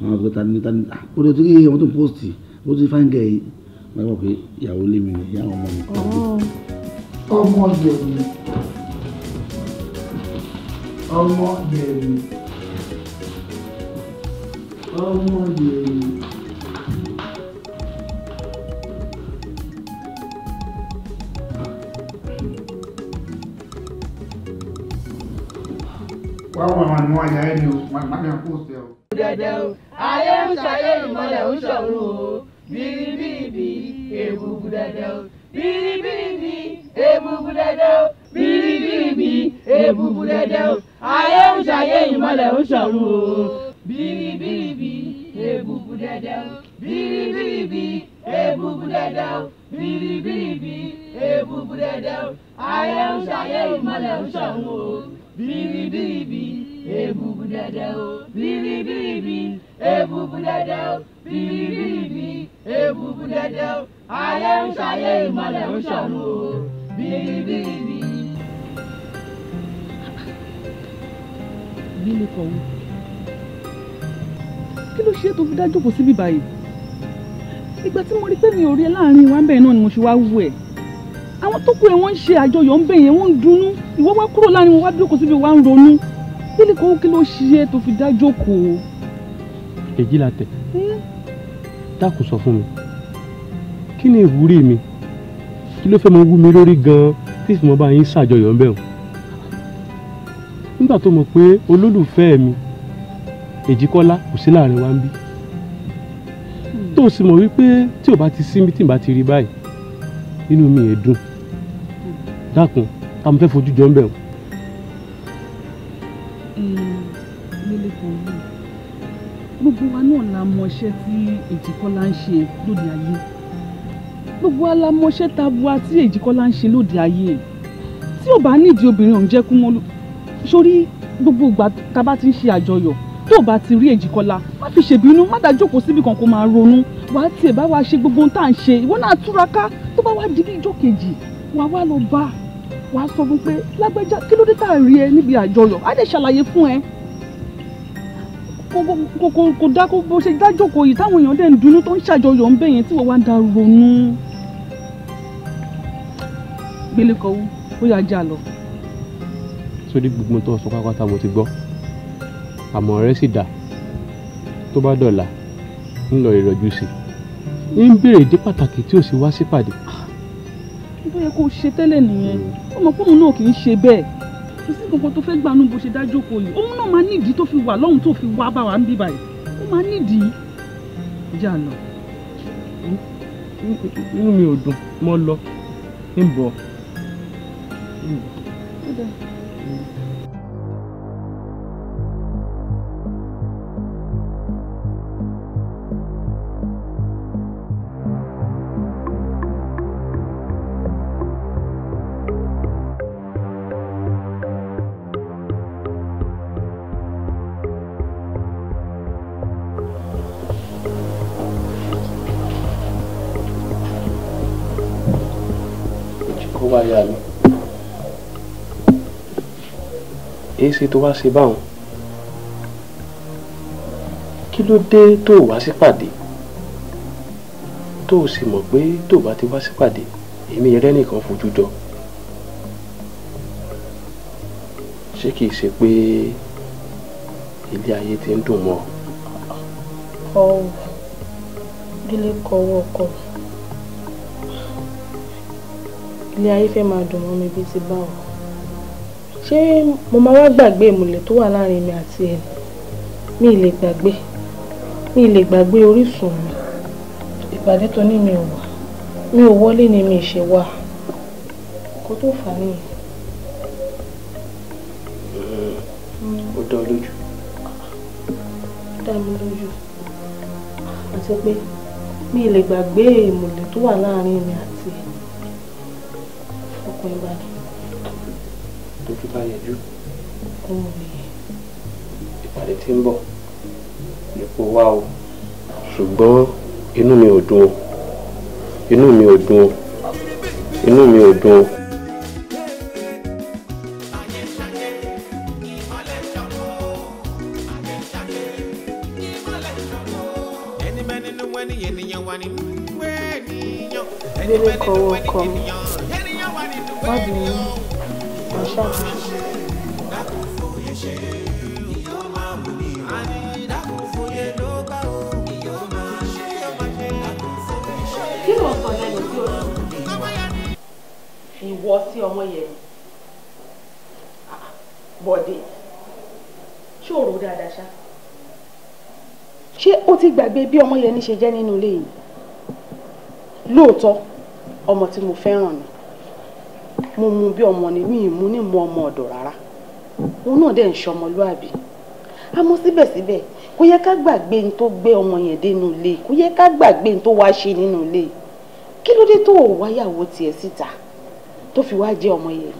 ma go ta ni ta o de ti mo tún post o ti fan ge ma wo pe ìyàwó le mi ya o mo mi oh. ọmọ de mi ọmọ de mi ọmọ de mi wá wọn àwọn àníwọ̀n àyà ẹni o wọn àgbà náà kó o sẹ o. dẹ̀dẹ̀ o ayé ń ṣayé ìmọ̀lẹ̀ ń ṣọ̀run o bìrìbìrì èbùbù dẹ̀dẹ̀ o bìrìbìrì èbùbù dẹ̀dẹ̀ o bìrìbìrì èbùbù dẹ̀dẹ̀ o ayé ń ṣayé ìmọ̀lẹ̀ ń o bìrìbìrìbì èbùbù dada o bìrìbìrìbì èbùbù dada o bìrìbìrìbì èbùbù dada o ayé ń ṣayé ìmọ̀lẹ̀ ń ṣọ̀run o bìrìbìrìbì. bí mi kọ̀ wò kí ló ṣe tó fi dá jókòó síbí báyìí ìgbà tí mo rí pé mi ò rí ẹ láàrin wa ń bẹ̀rẹ̀ náà ni mo ṣe wá wú ẹ̀ àwọn tó kù ẹ wọ́n ń ṣe àjọyọ̀ ń bẹ̀ yẹn wọ́n ń dunnú ìwọ wá kúrò láàrin wọn wá jókòó síbi wá ń ronú kílì kó kí ló ṣe tó fi dá jókòó. èjì la tẹ dákun sọ fún mi kí ni ìwúrí mi kí ló fẹ́ mọ wú mi lórí gan-an tí ìfìmọ́ bá yín ṣàjọyọ̀ ń bẹ̀ wọ́n nígbà tó mọ̀ pé olólùfẹ́ mi èjìkọ́lá kò sí láàrin wa ń bí tó o sì mọ̀ wípé tí o bá ti sí mi tí n bá ti rí báyìí inú mi yẹn dùn dákun ta mo fẹ́ fojú jọ ń bẹ̀ o. gbogbo wa náà la mọ iṣẹ́ tí èjìkọ́lá ń ṣe lóde ayé gbogbo wa la mọ iṣẹ́ tabua tí èjìkọ́lá ń ṣe lóde ayé tí ò bá nídìí obìnrin òun jẹ́ kú mọ́ sórí gbogbo ìgbà tá a bá ti ń ṣe àjọyọ̀ tó bá ti rí èjìkọlá má fi ṣèbínú má dájókòó síbi kan kó máa ronú wà á tiẹ̀ bá wa ṣe gbogbo ohun tá à ń ṣe ìwọ náà túraká tó bá wá di ní ìjọ kejì wà wá lọ bá wà á sọ fún pé lágbájá kí ló dé tá à ń rí ẹ níbi àjọyọ̀ á lè ṣàlàyé fún ẹ kò kò kò dá kó bó ṣe dájókòó yìí táwọn èèyàn dẹ̀ ń dunú tó ń ṣàjọyọ̀ ń bẹ̀ yẹn tí wọ́n wá ń da ronú. gbélé kọ́wú ó yà já lọ. sórí gbogbo tó sọ pápátá mo ti gbọ́ àmọ́ rẹ sì dà tó bá dọ̀la ńlọ ìrọ̀jú sí i ń béèrè dé pàtàkì tí ò sì wá sípàdé. bó yẹ kó o ṣe tẹ́lẹ̀ nìyẹn ó mọ̀ fóun náà kì í ṣe bẹ́ẹ̀ kò sí kankan tó fẹ́ gbanú bó ṣe dájú kò yìí òun náà máa nídìí tó fi wà lọ́hùn tó fi wá bá wa ń bí báyìí ó máa nídìí jà lọ. inú mi ò dùn mo lọ ń bọ̀. é ṣe tó wá ṣe báwọn kí ló dé tó o wá sípàdé tó o sì mọ̀ pé tó o bá ti wá sípàdé èmi rẹ nìkan fojú jọ ṣé kìí ṣe pé ilé ayé ti ń dùn mọ́ ọ. ọ̀hún délé kọ́wọ́ ọkọ̀ ilé ayé fẹ́ máa dùn mọ́ mi bíi ti báwọn ṣé mo máa wá gbàgbé ìmùlẹ̀ tó wà láàrin mi àti ẹ̀ mi ì lè gbàgbé mi ì lè gbàgbé orísun mi ìpàdé tó ní mi ò wá mi ò wọlé ni mi ì ṣe wá kó tó fà á nìyẹn. ó dán lójú. dá mi lójú àti pé mi lè gbàgbé ìmùlẹ̀ tó wà láàrin mi àti ẹ̀ fọkàn ìbàdàn tójú bá yẹjú ìpàdé tí ń bọ̀ nípò wá o ṣùgbọ́n inú mi ò dùn o inú mi ò dùn inú mi ò dùn gbàgbé bí ọmọ yẹn ní ṣe jẹ́ nínú ilé yìí lóòótọ́ ọmọ tí mo fẹ́ràn ni mo mú bí ọmọ ni mi mú ní mú ọmọ ọ̀dọ̀ rárá òun náà dẹ̀ ń ṣọmọlúàbí àmọ́ síbẹ̀síbẹ̀ kò yẹ ká gbàgbé ní tó gbé ọmọ yẹn dénú ilé kò yẹ ká gbàgbé ní tó wá ṣe nínú ilé kí ló dé tó o wáyàwó tiẹ̀ síta tó fi wá jẹ́ ọmọ yẹn.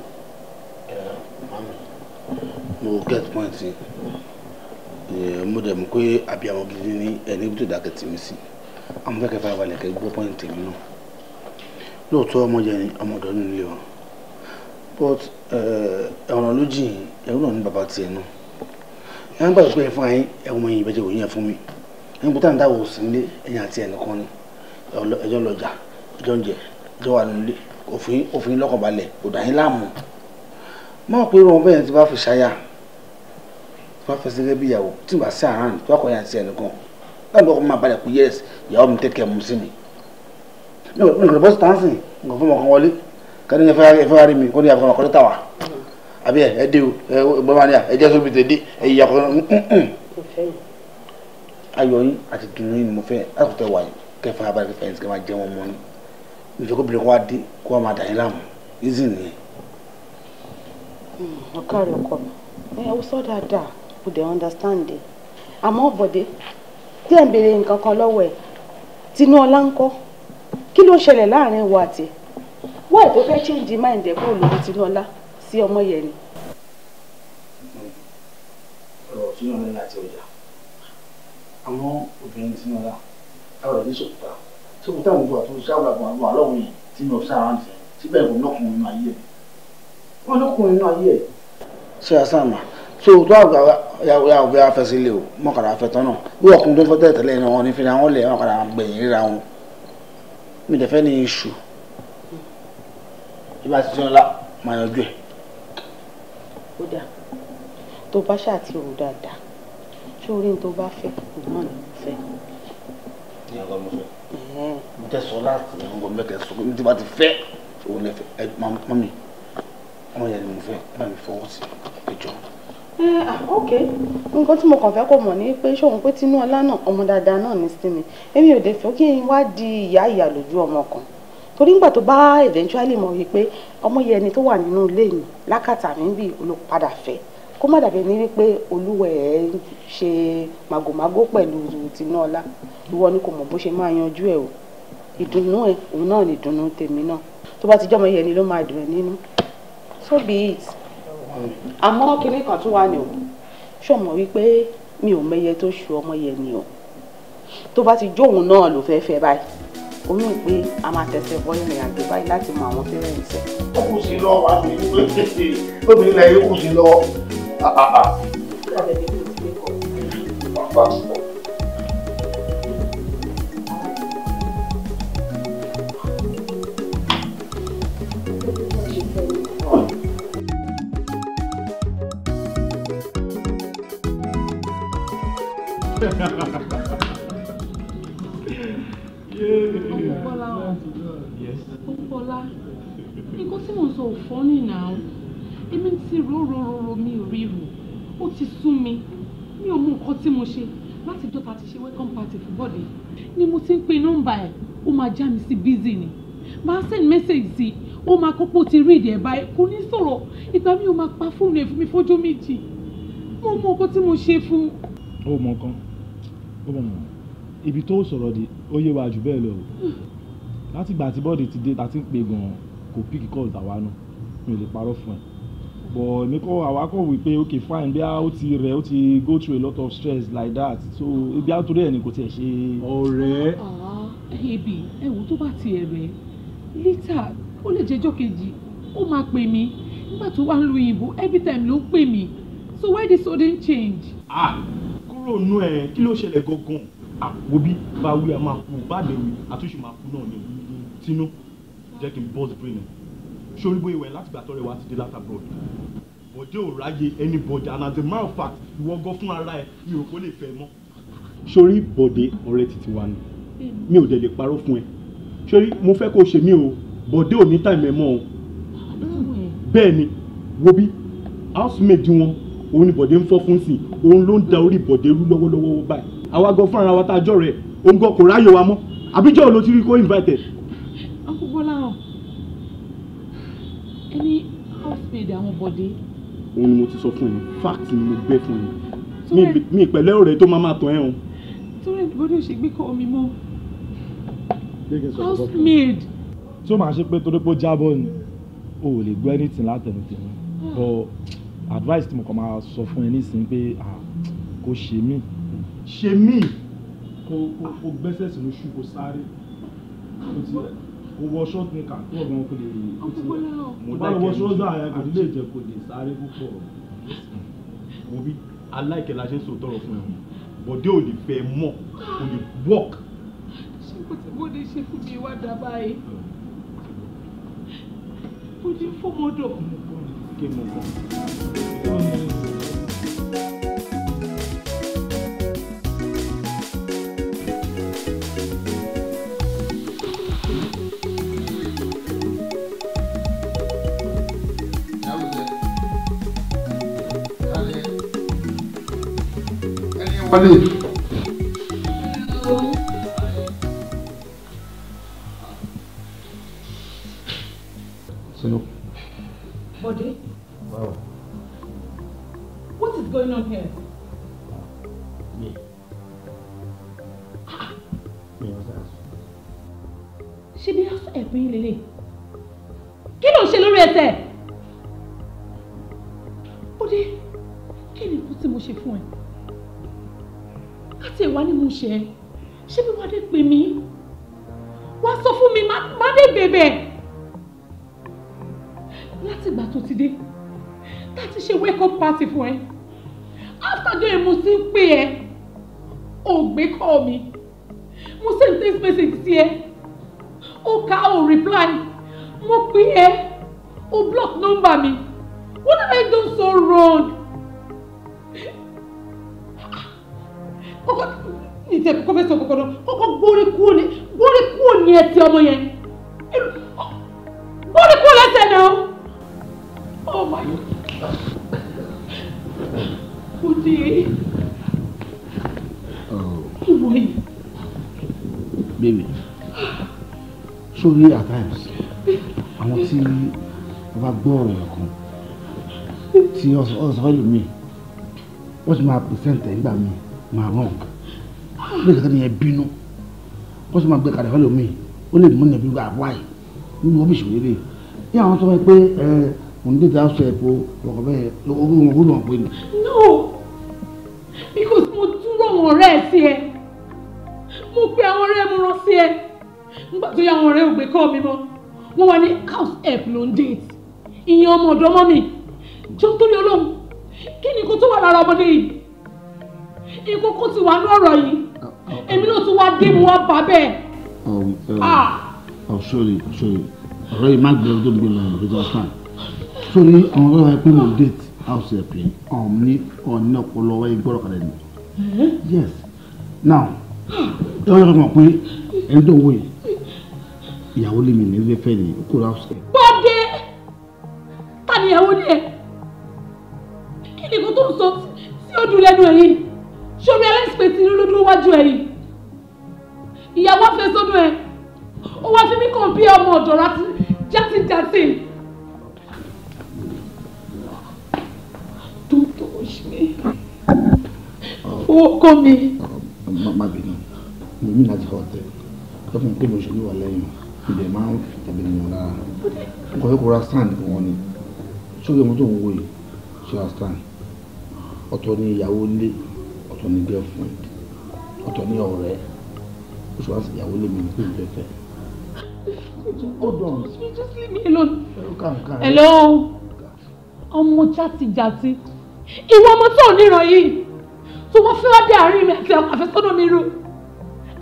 mo get point yìí mo dẹ̀ mú pé abiyamọ gidi ní ẹni tó dákẹ́ tì mí sí àwọn fẹ́ kẹ́ fara balẹ̀ kẹ́ gbọ́ pọ́ìn tèmi náà lóòótọ́ ọmọ yẹn ni ọmọ ọ̀dọ́ nílé wa but eh, ọ̀ràn ló jìn ẹ̀rú náà ní bàbá tiẹ̀ náà ẹ̀rọ gbàgbọ́ pé ẹ fún ayé ẹ̀rọ mọ ẹ̀yìn ìbẹ́jẹ̀ òyìn ẹ̀ fún mi ẹ̀rọ pátá ń dáwọ̀ sí ilé ẹ̀yìn àti ẹ̀nìkan ni ẹjọ́ lọ́jà ẹjọ́ ń jẹ ẹjọ́ wà nílé òfin lọ́kàn balẹ̀ kò dà yín láàmú má pé irun ọbẹ̀ yẹn ti bá fi ṣáyà tó bá fẹsẹ̀ gẹ́gẹ́ bí ìyàwó tí wàá sí àárín tó akọ̀ yà sí ẹnìkan láti ọkọ̀ máa balẹ̀ kú yẹ́sì ìyàwó mi tẹ́kẹ̀ mú sí mi. nǹkan bọ́sì táǹsì nǹkan fún ọkàn wọlé kẹ́ni ẹ fẹ́ rí mi ó ní àfọwọ́n ọkọ̀ tàwa àbí ẹ dé o ẹ gbọ́n máa ní à ẹ jẹ́ sóbi tèdé ẹ yíyà kọ́ ayọ̀ yín àti dùnú yín ni mo fẹ́ àkùtẹ wà yín kẹfà abalẹ̀ kẹfà yín sì kẹ́ máa jẹ́ wọn mọ́ ni ìfẹ́ kó bìrẹ̀ kó wá dé kó wá máa dà yín láàmú ìzì nìyẹn. Hmm, ọ̀ká rẹ̀ ọkọ mi ẹ̀ ọ́ sọ́ kò dé understand ẹ àmọ́ bọ̀dé tí ẹ̀ ń béèrè nǹkan kan lọ́wọ́ ẹ̀ tinú ọlá ń kọ́ kí ló ṣẹlẹ̀ láàrin ìwọ àti ẹ̀ wọ́n ẹ̀ tó fẹ́ change mind ẹ̀ kúrò lórí tinú ọlá sí ọmọ yẹn ni. ọ̀rọ̀ tinú ọlá láti ọjà àwọn obìnrin tinú ọlá àwọn ìdí sòkúta sòkúta àwọn òbúra tó sábà gbọ̀n àwọn àlọ́wìn yìí tí mi ò sára ń tẹ̀ síbẹ̀ kò lọ́kùnrin náà yẹ̀ wọ́n lọ́kùnrin náà yẹ̀ ṣé a sáà máa so tó àgbà yà wọ́n fẹ́ fẹ́ sílé o mọ̀ kàrà fẹ́ tán náà bí wọ́n kún tó ń fẹ́ tẹ̀tẹ̀lẹ̀ náà wọ́n ní fi ra wọn lẹ̀ wọ́n kàrà gbẹ̀yìn ríra wọn mi dẹ̀ fẹ́ ní iṣu ìbá ti sọ́nà máa yanjú ẹ̀. ó dà tó bá ṣáà ti rò dáadáa ṣé orí ní tó bá fẹ́ kò náà ní mo fẹ́. ní ọgá mo fẹ́ mo tẹ sọ láti ọgọ mẹkẹ sọ mi tí bá ti fẹ́ òun lè fẹ́ ẹ mami ọmọ yẹn ni mo fẹ́ ẹ bá mi fọwọ́ sí ẹjọ́ nǹkan tí mo kàn fẹ́ kó mọ̀ ni pé ṣóun pé tinú ọlá náà ọmọ dáadáa náà ní sí mi èmi ò dé fẹ́ kí n wá di ìyá ìyá lójú ọmọ kan torí nígbà tó bá eventually mọ̀ wípé ọmọ yẹn ni tó wà nínú ilé mi lákàtà mi bí olùpadà fẹ́ kó má dàbí ní wípé olúwẹ̀ ẹ̀ ṣe màgòmágó pẹ̀lú tinú ọlá ìwọ ni kò mọ̀ bó ṣe máa yanjú ẹ̀ o ìdùnnú ẹ̀ òun náà ni ìdùnnú tèmi náà tó bá ti jọ́mọ yẹn ni ló máa dùn ẹ̀ nínú so be it àmọ́ kinní kan tún wà ní o ṣọmọ wípé mi ò mẹyẹ tó ṣu ọmọ yẹn ni o tó bá ti jóun náà ló fẹ́ẹ́ fẹ́ báyìí oyún pé a máa tẹ̀sẹ̀ bọ́ ìrìn àjò báyìí láti mọ àwọn pẹ́rẹ́ǹsì. ó kù sí lọ wá sí ilé kékeré obìnrin lẹ́yìn kù sí lọ. Ọ̀pọ̀lá o. Ọ̀pọ̀lá. Nǹkan tí mò ń sọ ò fọ́ nìyà o. Èmi ti rò mi ò rí rò. Ó ti sún mi. Mi ò mú nǹkan tí mo ṣe láti jọ́ta ti ṣe welcome party fún bọ́ọ̀dì ni mo ti ń pe nọ́mbà ẹ̀ ó máa já mi sí busy ni máa send message sí ó máa kópó ti rí ìdí ẹ̀ kò ní sọ̀rọ̀ ìgbà mi ò máa pa fóònù ẹ̀ fún mi fọ́jọ́ méjì mo mọ nǹkan tí mo ṣe fún. ó mọ nǹkan ibi tó sọ̀rọ̀ di ó yé wa jù bẹ́ẹ̀ lọ láti ìgbà tí bọ́ọ̀dì ti dé ta ti ń pe gan kò pick call tàwa náà mi ò lè parọ́ fún ẹ bọ̀ èmi kọ́ àwa kọ̀ wí pé ok fine bí a ó ti rẹ̀ ó ti go through a lot of stress like that so ibi á torí ẹ̀ ni kò tiẹ̀ ṣe. ọ̀rẹ́. ebi ẹ̀wù tó bá tiẹ̀ rẹ̀ lítà ó lè jẹ́jọ́ kejì ó máa pè mí nígbà tó wà ń lu òyìnbó every time ló ń pè mí so why the sudden change. ah rònú ẹ̀ kí ló ṣẹlẹ̀ gangan àwòbí bá wí a máa kú bá lè wí àtúnṣe máa kú náà ní tinú jẹ́ kí n bọ́ọ̀sì brain ẹ̀ sórí bóyá ìwẹ̀ láti gbà tọ́rẹ̀ wá ti dé láti abroad bọ̀dé ò ráyè anybody and as a matter of fact ìwọ gan fún ara ẹ mi ò kó lè fẹ́ mọ́. sórí bọ̀dé ọ̀rẹ́ títí wa ni mi ò dẹ̀ lè parọ́ fún ẹ sórí mo fẹ́ kó ṣe mí o bọ̀dé ò ní táìmù ẹ̀ mọ́ o bẹ́ẹ̀ ni wo bí housemaid wọn òun ni bọ̀dé ń fọ́ fún sí òun ló ń da orí bọ̀dé rú lọ́wọ́lọ́wọ́ báyìí àwa gan fúnra wa tá a jọ rẹ̀ òun gan kò ráyè wa mọ́ àbíjọ́ ló ti rí kó invited. uncle bọ́lá hàn ẹni housemaid àwọn bọ̀dé. òun ni mo ti sọ fún yín fact ni mo gbé fún yín mi ìpẹ̀lẹ́ ọ̀rẹ́ tó máa máa tàn ẹ́ hàn. torí ṣe gbé kọ́ mi mọ́ housemaid. tí ó máa ṣe pé torí pé ni o ò lè gbọ́ anything látẹnu advice tí mo kàn máa sọ fún ẹ nísìnyí pé kò ṣe mí. ṣe mí kò kò gbẹ́sẹ̀ sínú ṣú kò sáré kò wọ ṣọ́ọ̀tì ní kàtó ọ̀gbọ́n kò lè kò ti mo bá wọ ṣọ́ọ̀tì ààrẹ kò lè jẹ kò lè sáré púpọ̀ mo bí aláìkẹ́ la ṣe ń sòótọ́ ọ̀rọ̀ fún ẹ bọ̀dé ò lè fẹ́ mọ̀ kò lè work. ṣé kò tí mo lè ṣe fún mi wá dábàá yìí mo ti fọmọdọ̀ mọ́. que mudar. Olha ọ̀sọ̀ ẹlòmíì ó sì máa pèsèǹtẹ̀ nígbà míì máa wrong bí ìṣẹ̀kẹ́ nìyẹn bínú ó sì máa gbé kalẹ̀ ẹlòmíì ó lè mú nẹ̀bí wà wáyé nínú ọ́fíìsì wéré ní àwọn sọ pé ẹ òǹdè tí a sọ ẹ̀pọ̀ ọkọ̀ bẹ́ẹ̀ owó wọn kó lọ́n pé ni. no because mo dúró àwọn ọ̀rẹ́ ẹ̀ sí ẹ mo pe àwọn ọ̀rẹ́ mo rán sí ẹ nígbà tó yá àwọn ọ̀rẹ́ ògbé kọ́ mi mọ́ wọ́n wá ní house help ló ìyẹn ọmọ ọ̀dọ́ mọ́ mi jọ torí Ọlọ́run kí ni nǹkan tó wà lára ọmọdé yìí nǹkan kó ti wà ní ọ̀rọ̀ yìí èmi náà tún wá dé mu wá bá bẹ́ẹ̀. ọ sori sori ọ̀rọ̀ yìí má gbé ọdún gbé lọ ọdún tó sàn sori àwọn ọ̀rọ̀ wa pé mo date house ẹ pé ọm um, ní ọní ọpọlọ wa yìí kàdé ni mm-hmm. yes now ẹ wọ́n yọ kọ́ pé ẹni tó wọ yìí ìyàwó lèmi ní ilé fẹ́ ni kó house ẹ. bọ́dé ta ìyàwó ni ẹ kí nìkan tó ń sọ tí ó dùn lẹ́nu ẹ̀yìn ṣé omi alẹ́sìpẹ̀ tí ló dúró wájú ẹ̀yìn ìyàwó afẹ́ sọ́nù ẹ̀ ó wá fi mí kàn bí ọmọ ọ̀dọ́ láti játijàti. Don't touch me. Owó kọ́ mi. Má bínú, mi mi láti fọ ọ̀tẹ̀. Ẹ fún mi pé mo ṣe níwà lẹ́yìn, ibẹ̀ máa ń fi tẹ̀lé mi lára. Nǹkan fẹ́ kó ra stand fún wọn ni. Ṣé o yẹ mo tó ń wo yìí? Ṣé o ra stand? ọ̀tọ̀ ni ìyàwó ilé ọ̀tọ̀ ni girlfriend ọ̀tọ̀ ni ọ̀rẹ́ ó sì wá sí ìyàwó ilé mi ní pé ìfẹ́fẹ́. hold on. just leave me alone. hello ọmọ játijàti ìwọ ọmọ tó níran yìí tó wọ́n fẹ́ wá dé àárín mi àti àfẹ́sọ́nà mi rú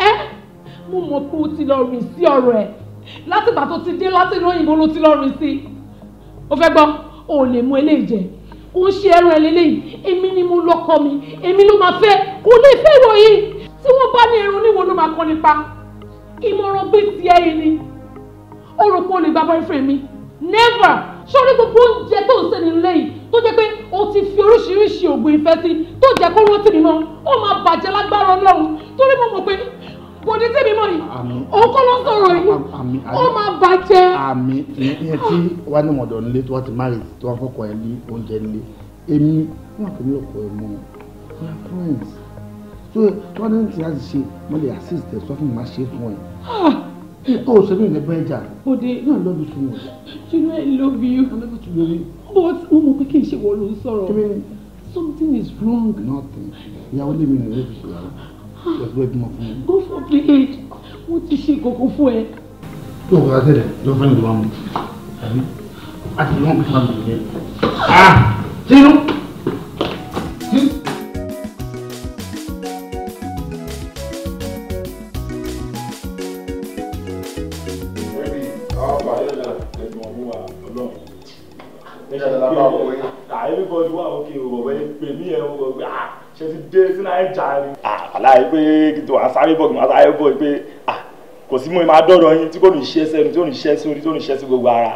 ẹ́ mo mọ̀ pé o ti lọ rìn sí ọ̀rọ̀ ẹ̀ látìgbà tó ti dé láti inú òyìnbó ló ti lọ rìn sí o fẹ́ gbọ́ o ò lè mú eléyìí jẹ kò ń ṣe ẹran ẹlẹ́lẹ́yìí èmi ni mo lọ́kọ mi èmi ló máa fẹ́ kò lè fẹ́ ìròyìn tí wọ́n bá ní ẹran oníwo ló máa kọ́ nípa ìmọ̀ràn bíi ti ẹ̀yìn ni ó rò pé o lè gba boyfriend mi never sọ́rí gbogbo oúnjẹ tó ń ṣe ní ilé yìí tó jẹ́ pé o ti fi oríṣiríṣi oògùn ìfẹ́ sí tó jẹ́ kó rántí nínú ó máa bàjẹ́ lágbára ọlọ́run torí mo mọ̀ pé kò ní tèmi mọ́ yìí òun kọ́ ló ń sọ̀rọ̀ yìí ó máa bàjẹ́. àmì ìyẹn tí ah. wàá ní mọ̀dọ̀ nílé tí wọ́n ti má rè tí wọ́n fọkọ̀ ẹ̀ ní oúnjẹ nílé èmi wọn kò ní ọkọ̀ ẹ̀ mọ́ we are friends so wọ́n ní ti láti ṣe mo lè assist ẹ̀ sọ fún mi má ṣe fún ẹ̀ ah. tó o ṣe ní ìlẹ̀ bẹ́ẹ̀ jà òde yóò love you too much. you know I love you. I love you too very. but wọ́n mọ̀ pé kí n ṣe wọ́n ló ń sọ̀rọ̀ something is wrong. nothing ìyàwó lèmi ni lè fi ṣe ìyàwó pẹ̀lú ẹbí mọ̀ fún mi. go for bed wọ́n ti ṣe kókó fún ẹ. tó o kọ́ra tẹ̀lé lọ́fẹ̀ẹ́ ni wọ́n mú àti wọ́n fi fún mi. Ah! tinú. pé wàá sáré bọ̀ wàá sáré bọ̀ pé ah kò sí mo máa dọ̀rọ̀ yín tí kò ní ṣe sẹ́nu tí kò ní ṣe sórí tí kò ní ṣe sí gbogbo ara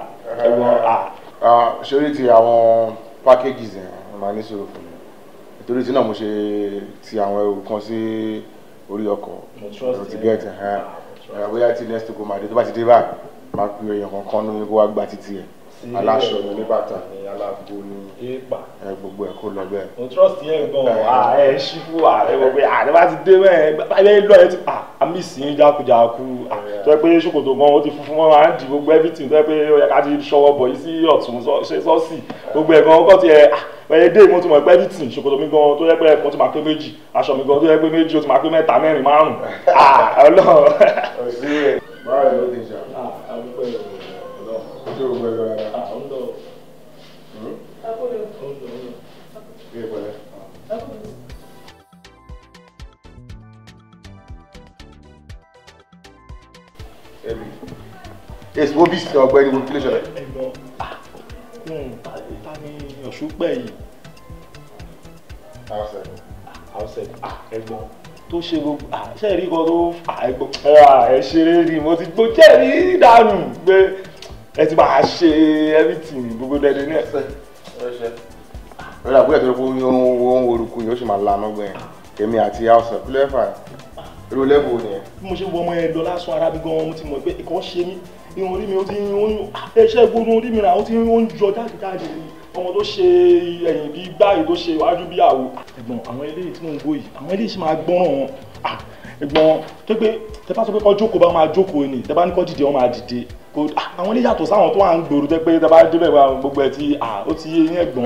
ẹ̀wọ̀n eh, ah. ah ti àwọn packages yẹn màá ní sọ̀rọ̀ fún mi nítorí tí náà mo ṣe ti àwọn ẹrù kan sí orí ọkọ̀ ẹ̀rọ ti gẹ̀ẹ́tì eh, ah, eh, bóyá ti next to go máa dé tó bá ti dé báyìí máa pe èèyàn kankan ní kó wá gba títì yẹn aláṣọ ni oníbàtà ni aláàbò ni ẹ gbogbo ẹ kó lọ bẹ́ẹ̀. mo trust yẹn gan ọ ah, ẹ ṣí fún wa ẹ gbogbo àti ah, bá ti dé bẹ́ẹ̀ báyìí lọ ẹ ti pa ah, àmì ìsìn jákujàku tó yẹ pé ṣòkòtò gan ó ti funfun wọn máa ń di gbogbo everything tó yẹ pé ó yẹ ká ti ṣọwọ́ bọ̀ yìí sí ọ̀tún ṣe sọ́ọ̀sì gbogbo ẹ̀ gan ọkọ̀ ti ẹ̀ ẹ̀ dé mo ti mọ̀ pé everything ṣòkòtò mi gan tó yẹ pé ẹ̀kan ti máa pé méjì aṣọ mi gan tó yẹ pé méjì ó ti máa pé mẹ́ta mẹ́rin márùn-ún <laughs> ọlọ́run. <laughs> báwo ni ó ti ṣe àdúgbò ẹ̀ lọ́wọ́ Yes, wo bí sọ ọgbẹ́ni wo kílẹ̀ ṣẹlẹ̀. ẹ̀gbọ́n ta ni ọ̀ṣùpẹ̀ yìí. àwọ̀sẹ̀ àwọ̀sẹ̀ ẹ̀gbọ́n tó ṣe gbogbo àṣẹ rí kan tó ẹ̀gbọ́n ẹ ṣeré ni mo ti gbó jẹ́rìí dànù pé ẹ ti máa ṣe everything gbogbo dẹ́dẹ́ ní ẹ̀sẹ̀. rẹ́dà bóyá tó ń wọ́n orúkú yóò ṣe máa lanà gbẹ̀yìn èmi àti àwọ̀sẹ̀ kílẹ̀ fà irú lẹ́bù ni. bí mo ṣe wọ ọmọ yẹn lọ lásán ara mi gan-an mo ti mọ̀ pé ìkan ṣe mí irun orí mi ó ti ń oyún ẹṣẹ́ gbóná orí mi rà ó ti ń oyún jáde-jáde ọmọ tó ṣe ẹ̀yìn bíi gbáyìí tó ṣe iwájú bíi àwo. ẹ̀gbọ́n àwọn eléyìí tí mò ń gbọ́ yìí àwọn eléyìí sì máa gbọ́ràn wọn ẹ̀gbọ́n tó pé sọ pé kó jókòó bá máa jókòó ni tẹ ní kó dìde wọn máa dìde àwọn eléyìí yàtọ̀ sáwọn tó wà ń gbòòrò tẹ pé débẹ̀ wá gbogbo ẹ̀ tí ó ti yé yín ẹ̀gbọ́n.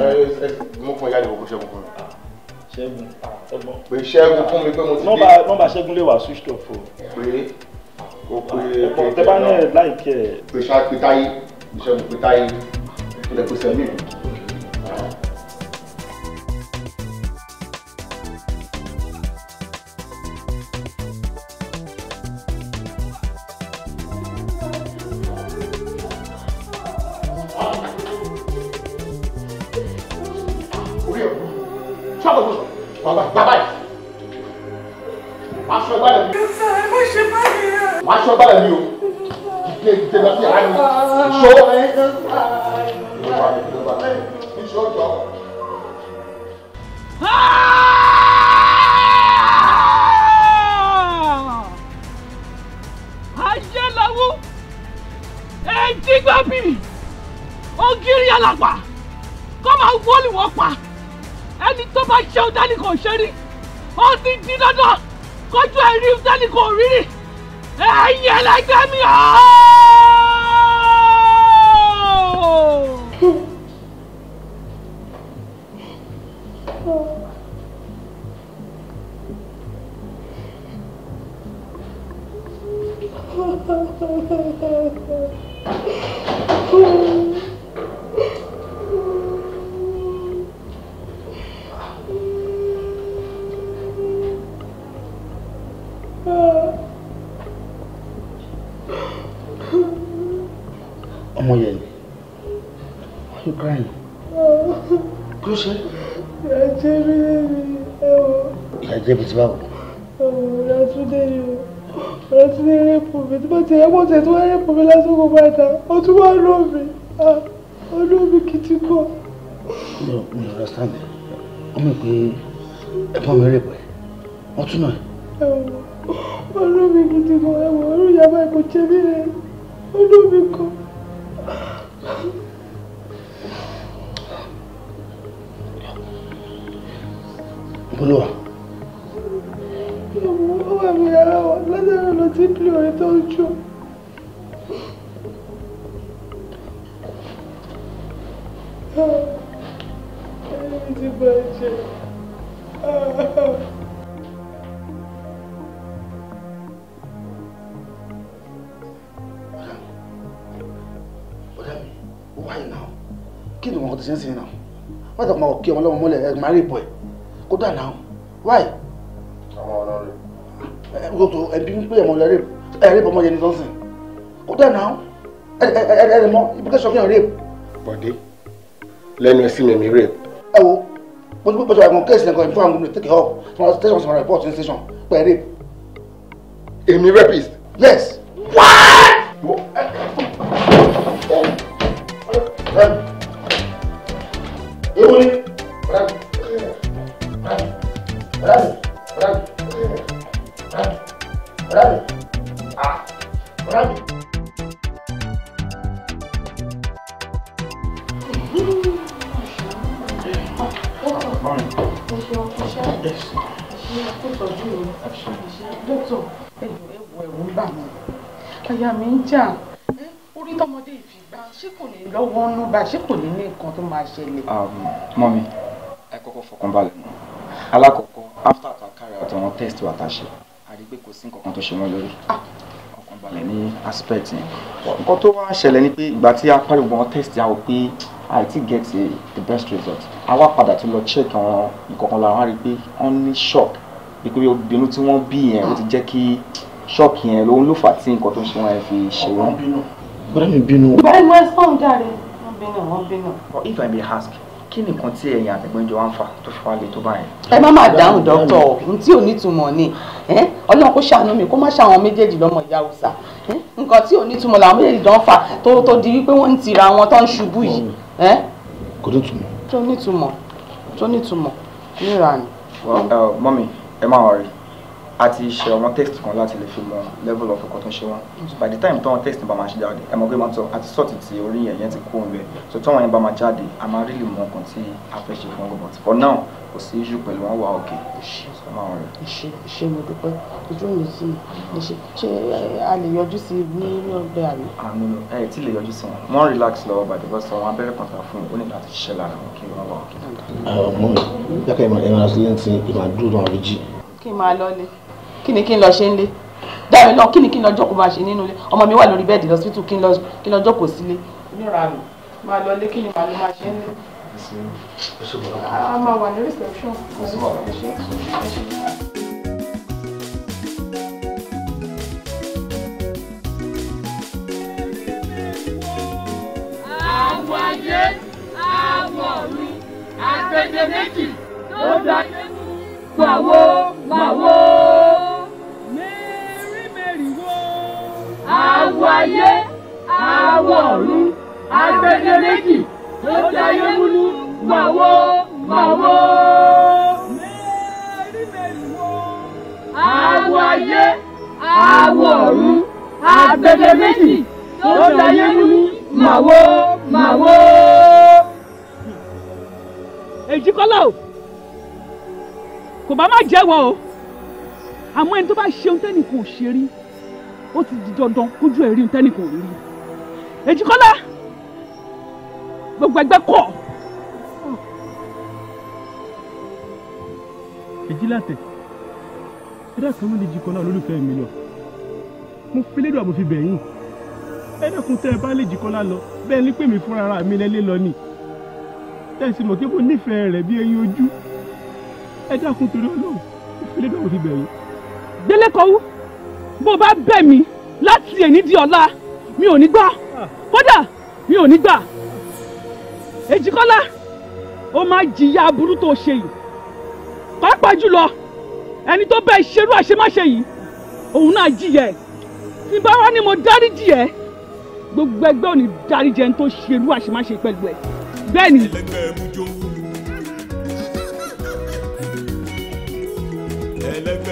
ṣẹ́gun ṣẹ́gun pé ṣẹ́gun fún mi pé mo ti dé. nọ́mbà ṣẹ́gun lè wà switch off o. pé òkè ẹ̀kọ́ tẹ́ bá ní ẹ̀ láìkẹ́. pèsè àpètáyé ìṣẹ́gun pètáyé ìṣẹ́gun pèsè míì. tún wá lọ mi ọdún mi kì í ti kọ́. mi ò mi ò understand ọmọ ìpè ẹ̀fọn mi rẹ̀ pẹ̀ wọ́n tún náà. ọdún mi kì í ti kọ́ ẹ̀wọ̀n ọdún ìyá báyìí kò jẹ́ mi ọdún mi kọ́. kí ọmọ ọlọ́mọ mọ́lẹ̀ ẹ̀ máa rí ìbọ̀ ẹ̀ kó dà náà wáì. ọmọ ọlọ́rẹ̀. ẹ gbọ́dọ̀ ẹbí pé ẹ̀mọ lẹ rèébù ẹ rèébù ọmọ yẹn ní sọ́sìn kó dà náà ẹ ẹ ẹ mọ ibi kẹsàn-án kí n rèébù. bọ̀dé lẹ́nu ẹ̀sìn mi mi rèébù. ẹ wo mo ti pẹ́ pẹ́ àwọn kéèsì nìkan ìfọ̀ àwọn gómìnà take it up from our station to my report in station pẹ̀rẹ́. èmi rapist. yes. ní nǹkan tó máa ṣẹlẹ̀. Um, mọ́mi ẹ kọ́kọ́ fọkàn balẹ̀ mọ́ alákọ̀ọ́kọ́ after ta carry out àwọn test wa ta ṣe a rí i pé kò sí nǹkan kan tó ṣe wọ́n lórí ah. ọkàn balẹ̀ ní aspect yẹn nǹkan tó wá ṣẹlẹ̀ ni pé ìgbà tí a parí gbọ́n test yà wò pé i ti get the best result a wá padà tó lọ check àwọn nǹkan kan lára wá rí i pé wọ́n ní shock pé obìnrin tí wọ́n bí yẹn ó ti jẹ́ kí shock yẹn ló ń lò fà tí nǹkan tó ṣe wọ́n fi ṣe wọ́n. bẹ́ẹ̀ ni bínú. bẹ́ẹ̀ ni wọ́n sọ̀rọ̀ dáre bínú wọ́n bínú. but if i may ask kí ni nǹkan tí ẹ̀yin àtẹ̀gbọ́n jọ wá ń fà tó fi wá lé tó báyìí. ẹ má má dáhùn dókítà ọ n tí ò nítumọ̀ ni ọlọ́run kó ṣàánú mi kó má ṣàwọn méjèèjì lọ́mọ ìyá òòsà nǹkan tí ò nítumọ̀ làwọn méjèèjì dán fà tó di wípé wọ́n ń tira wọn tó ń ṣubú yìí. kò nítumọ̀. tó nítumọ̀ tó nítumọ̀ níranì. Uh, mọ́mí ẹ má wọrí a ti ṣe àwọn text kan láti lè fi mọ level of ọkọ tó ń ṣe wọn by the time táwọn text bá máa ṣe jáde ẹ mọ̀ pé máa tọ́ àti sọ́ọ̀tì tí orí yẹn yẹn ti kó ń bẹ̀ so táwọn yẹn bá máa jáde a máa rí lè mọ nǹkan tí a fẹ́ ṣe fún ọgbọ̀n for now kò sí iṣu pẹ̀lú wọn òkè so máa ìṣe ìṣe mo dúpẹ́ ojú mi sí i ṣe ṣe a lè yọjú sí i ní ọgbẹ́ àná. àmì ẹ tí lè yọjú sí wọn wọn relax lọ́wọ́ bàdé bọ́ sọ wọn abẹ́rẹ́ kan tà fún mi ó ní láti ṣiṣẹ́ lára wọn kí wọ́n wà òkè. ọmọ mi jákè ìmọ̀ ẹ̀rọ àti lẹ́yìn tí ìmọ̀ àdúrà wọn rí jì. kí n máa lọ ni kí ni kí n lọ ṣe ń lé dáhùn náà kí ni kí n lọ jókòó máa ṣe nínú ilé ọmọ mi wà lórí bẹ́ẹ̀dì lọ́sítù kí n lọ jókòó sílé. nira mi máa lọ lé kí ni màá lọ máa ṣe ń lé. a máa wà ní reception. àwọ̀ ayé àwọ̀ ọ̀run àgbẹ̀dẹ̀ méjì ló dáyé gbàwó gbàwó. awọ ayé awọ ọ̀run agbẹdẹmẹjì ló ti ayé múlú màwó màwó. awọ ayé awọ ọ̀run agbẹdẹmẹjì ló ti ayé múlú màwó màwó. èjì kọ́lá o kò bá má jẹ́wọ́ o àmọ́ ẹni tó bá ṣe ohun tẹ́nìkan ò ṣe rí ó ti di dandan kójú ẹ̀ rí tẹ́nìkan ò rí èjìkọ́lá gbogbo ẹgbẹ́ kọ̀. èjì látẹ̀ ẹ dákun ló lè jìkọ́lá olólùfẹ́ mi lọ mo fi lédò àmọ́ fi bẹ̀yìn ẹ dákun tẹ́ ẹ bá lè jìkọ́lá lọ bẹ́ẹ̀ ni pé mi fúnra ara mi lẹ́lé lọ ni tẹ̀sí mọ̀ kí mo nífẹ̀ẹ́ rẹ̀ bí eyín ojú ẹ dákun torí ọlọ́run mo fi lédò àmọ́ fi bẹ̀yìn. délé kọ́wú bó bá bẹ̀ mí láti èní di ọ̀la mi ò ní gbà ah. kódà mi ò ní gbà èjìkọ́lá ó máa jìyà aburú tó ṣe yìí pàápàá jùlọ ẹni tó bẹ́ẹ̀ ṣerú àṣemáṣe yìí òun náà jìyà ẹ̀ tí bá wá ní mo dáríjì ẹ̀ gbogbo ẹgbẹ́ ò dáríjì ẹni tó ṣerú àṣemáṣe pẹ̀lú ẹ̀ bẹ́ẹ̀ ni. ẹlẹgbẹ́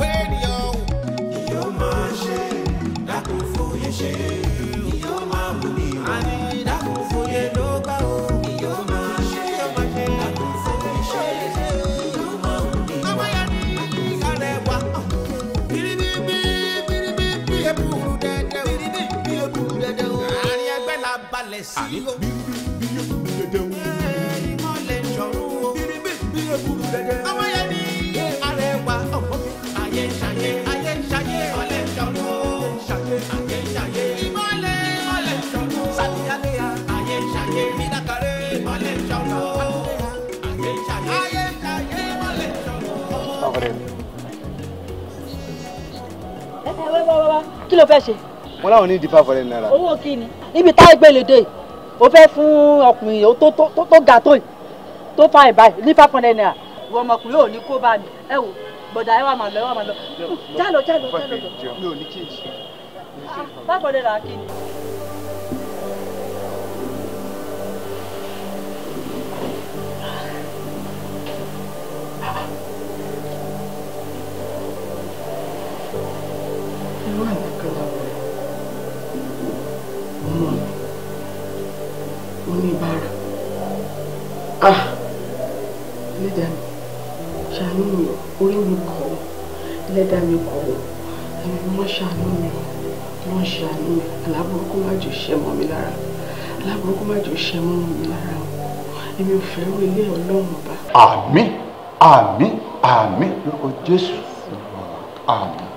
yìí. bí yóò kúrú dẹdẹ wù. ìmọ̀ lè jọ̀rú o. bíríbí bí yóò kúrú dẹdẹ. ọmọ yẹn kí ló fẹ́ ṣe. wọn láwọn ní ìdí fáfọlẹ́ náírà. owó kí ni níbi táwọn gbé lè dé o fẹ́ fún ọkùnrin yìí tó tó tó ga tó yìí tó fa ìbá yìí ní five hundred naira ìwọ ọmọkùnrin ò ní kó bá mi ẹ wò bọ̀dà ẹ wà máa lọ ẹ wà máa lọ jálọ jálọ jálọ mi ò ní change. Ah, five hundred naira kí ni. ah ẹlẹ́dàá mi ṣàánú mi you mi kọ̀ ọ́ ẹlẹ́dàá mi kọ̀ ọ́ ẹ̀mí mọ́ ṣàánú mi mọ́ ṣàánú mi aláburúkú má jò ṣẹ́ mọ́ mi lára aláburúkú má jò ṣẹ́ mọ́ mi lára o èmi ò fẹ́ rú ilé ọlọ́run Amen. àmín àmín àmín lórúkọ jésù àmín.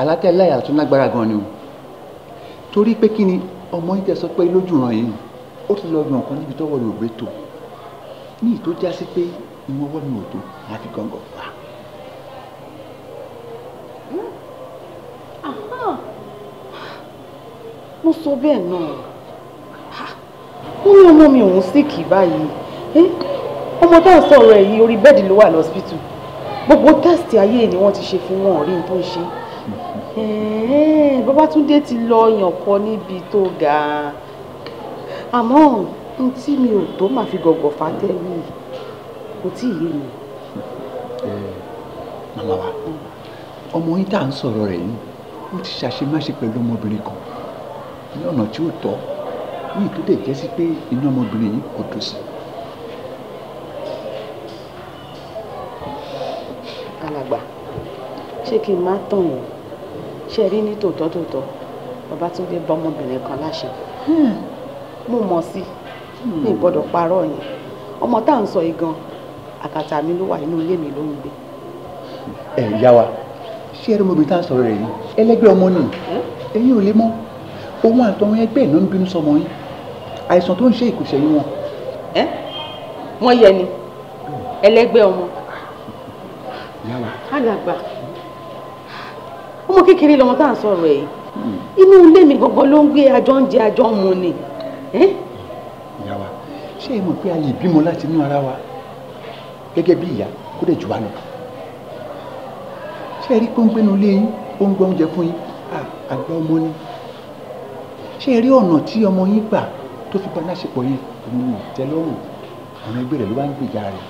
alátẹ̀láyà tó lágbára gan ni o torí pé kí ni ọmọ yìí tẹ sọ pé lójú ràn yìí ó ti lọ gbọ̀n kan níbi tọ́wọ́ rẹ̀ ò gbé tó ní ìtó já sí pé ìwọ́n wọ́n mi ò tó àfi gángan fà á. mo sọ bẹ́ẹ̀ náà wọ́n ní ọmọ mi òun síkì báyìí ọmọ tá à ń sọ̀rọ̀ ẹ̀ yìí orí bẹ́ẹ̀dì ló wà lọ́sibítù gbogbo tẹ́sítì ayé ni wọ́n ti ṣe fún wọn rí n tó ń ṣe. Babátúndé ti lọ yàn kọ níbi tó ga àmọ́ n tí mi ò tó máa fi gọ̀gọ̀ fàtẹ́wì kò tí ì yé mi. màmá wa ọmọ yín tá à ń sọ̀rọ̀ rẹ̀ yìí ó ti ṣàṣemáṣe pẹ̀lú ọmọbìnrin kan ní ọ̀nà tí ó tọ́ ní tó dẹ̀ jẹ́ sí pé inú ọmọbìnrin yìí kò tó sí. alàgbà ṣé kí n má tàn yín ṣe rí ní tòótọ́ tòótọ́ Babátúndé bá ọmọbìnrin kan láṣẹ hmm. mo mọ̀ sí hmm. mi gbọ́dọ̀ parọ́ yẹn ọmọ tá à ń sọ yìí gan àkàtà mi ló wà inú ilé mi ló ń gbé. ẹ yá wa ṣé ẹ rí mọ́bi tá a sọ̀rọ̀ rẹ̀ yìí ẹlẹ́gbẹ́ ọmọ nì ẹ̀yin ò lè mọ́ òun àtọwọn ẹgbẹ́ ìná ń bínú sọmọ yín àìsàn tó ń ṣe ìkùsẹ̀ yín wọn. ẹ wọn yẹ ni hmm. ẹlẹ́gbẹ́ ọmọ alàgbà ọmọ kékeré lọmọ tá à ń sọ̀rọ̀ ẹ̀ inú ilé mi gbọ̀ngàn ló ń gbé àjọ ń jẹ àjọ mu ni. ìyá ṣé ẹ pé a lè bímọ láti inú ara wa gẹ́gẹ́ bí ìyá kó dẹ̀ jù wá lọ ṣé ẹ rí pọ́npẹ́nu lé yín ó ń gbọ́ oúnjẹ fún yín àgbà ọmọ ni ṣé ẹ rí ọ̀nà tí ọmọ yín gbà tó fi padà ṣepọ̀ yín òun ni ìtẹ́lọ́rùn àwọn ẹgbẹ́ rẹ̀ ló bá ń gbèjà rẹ̀.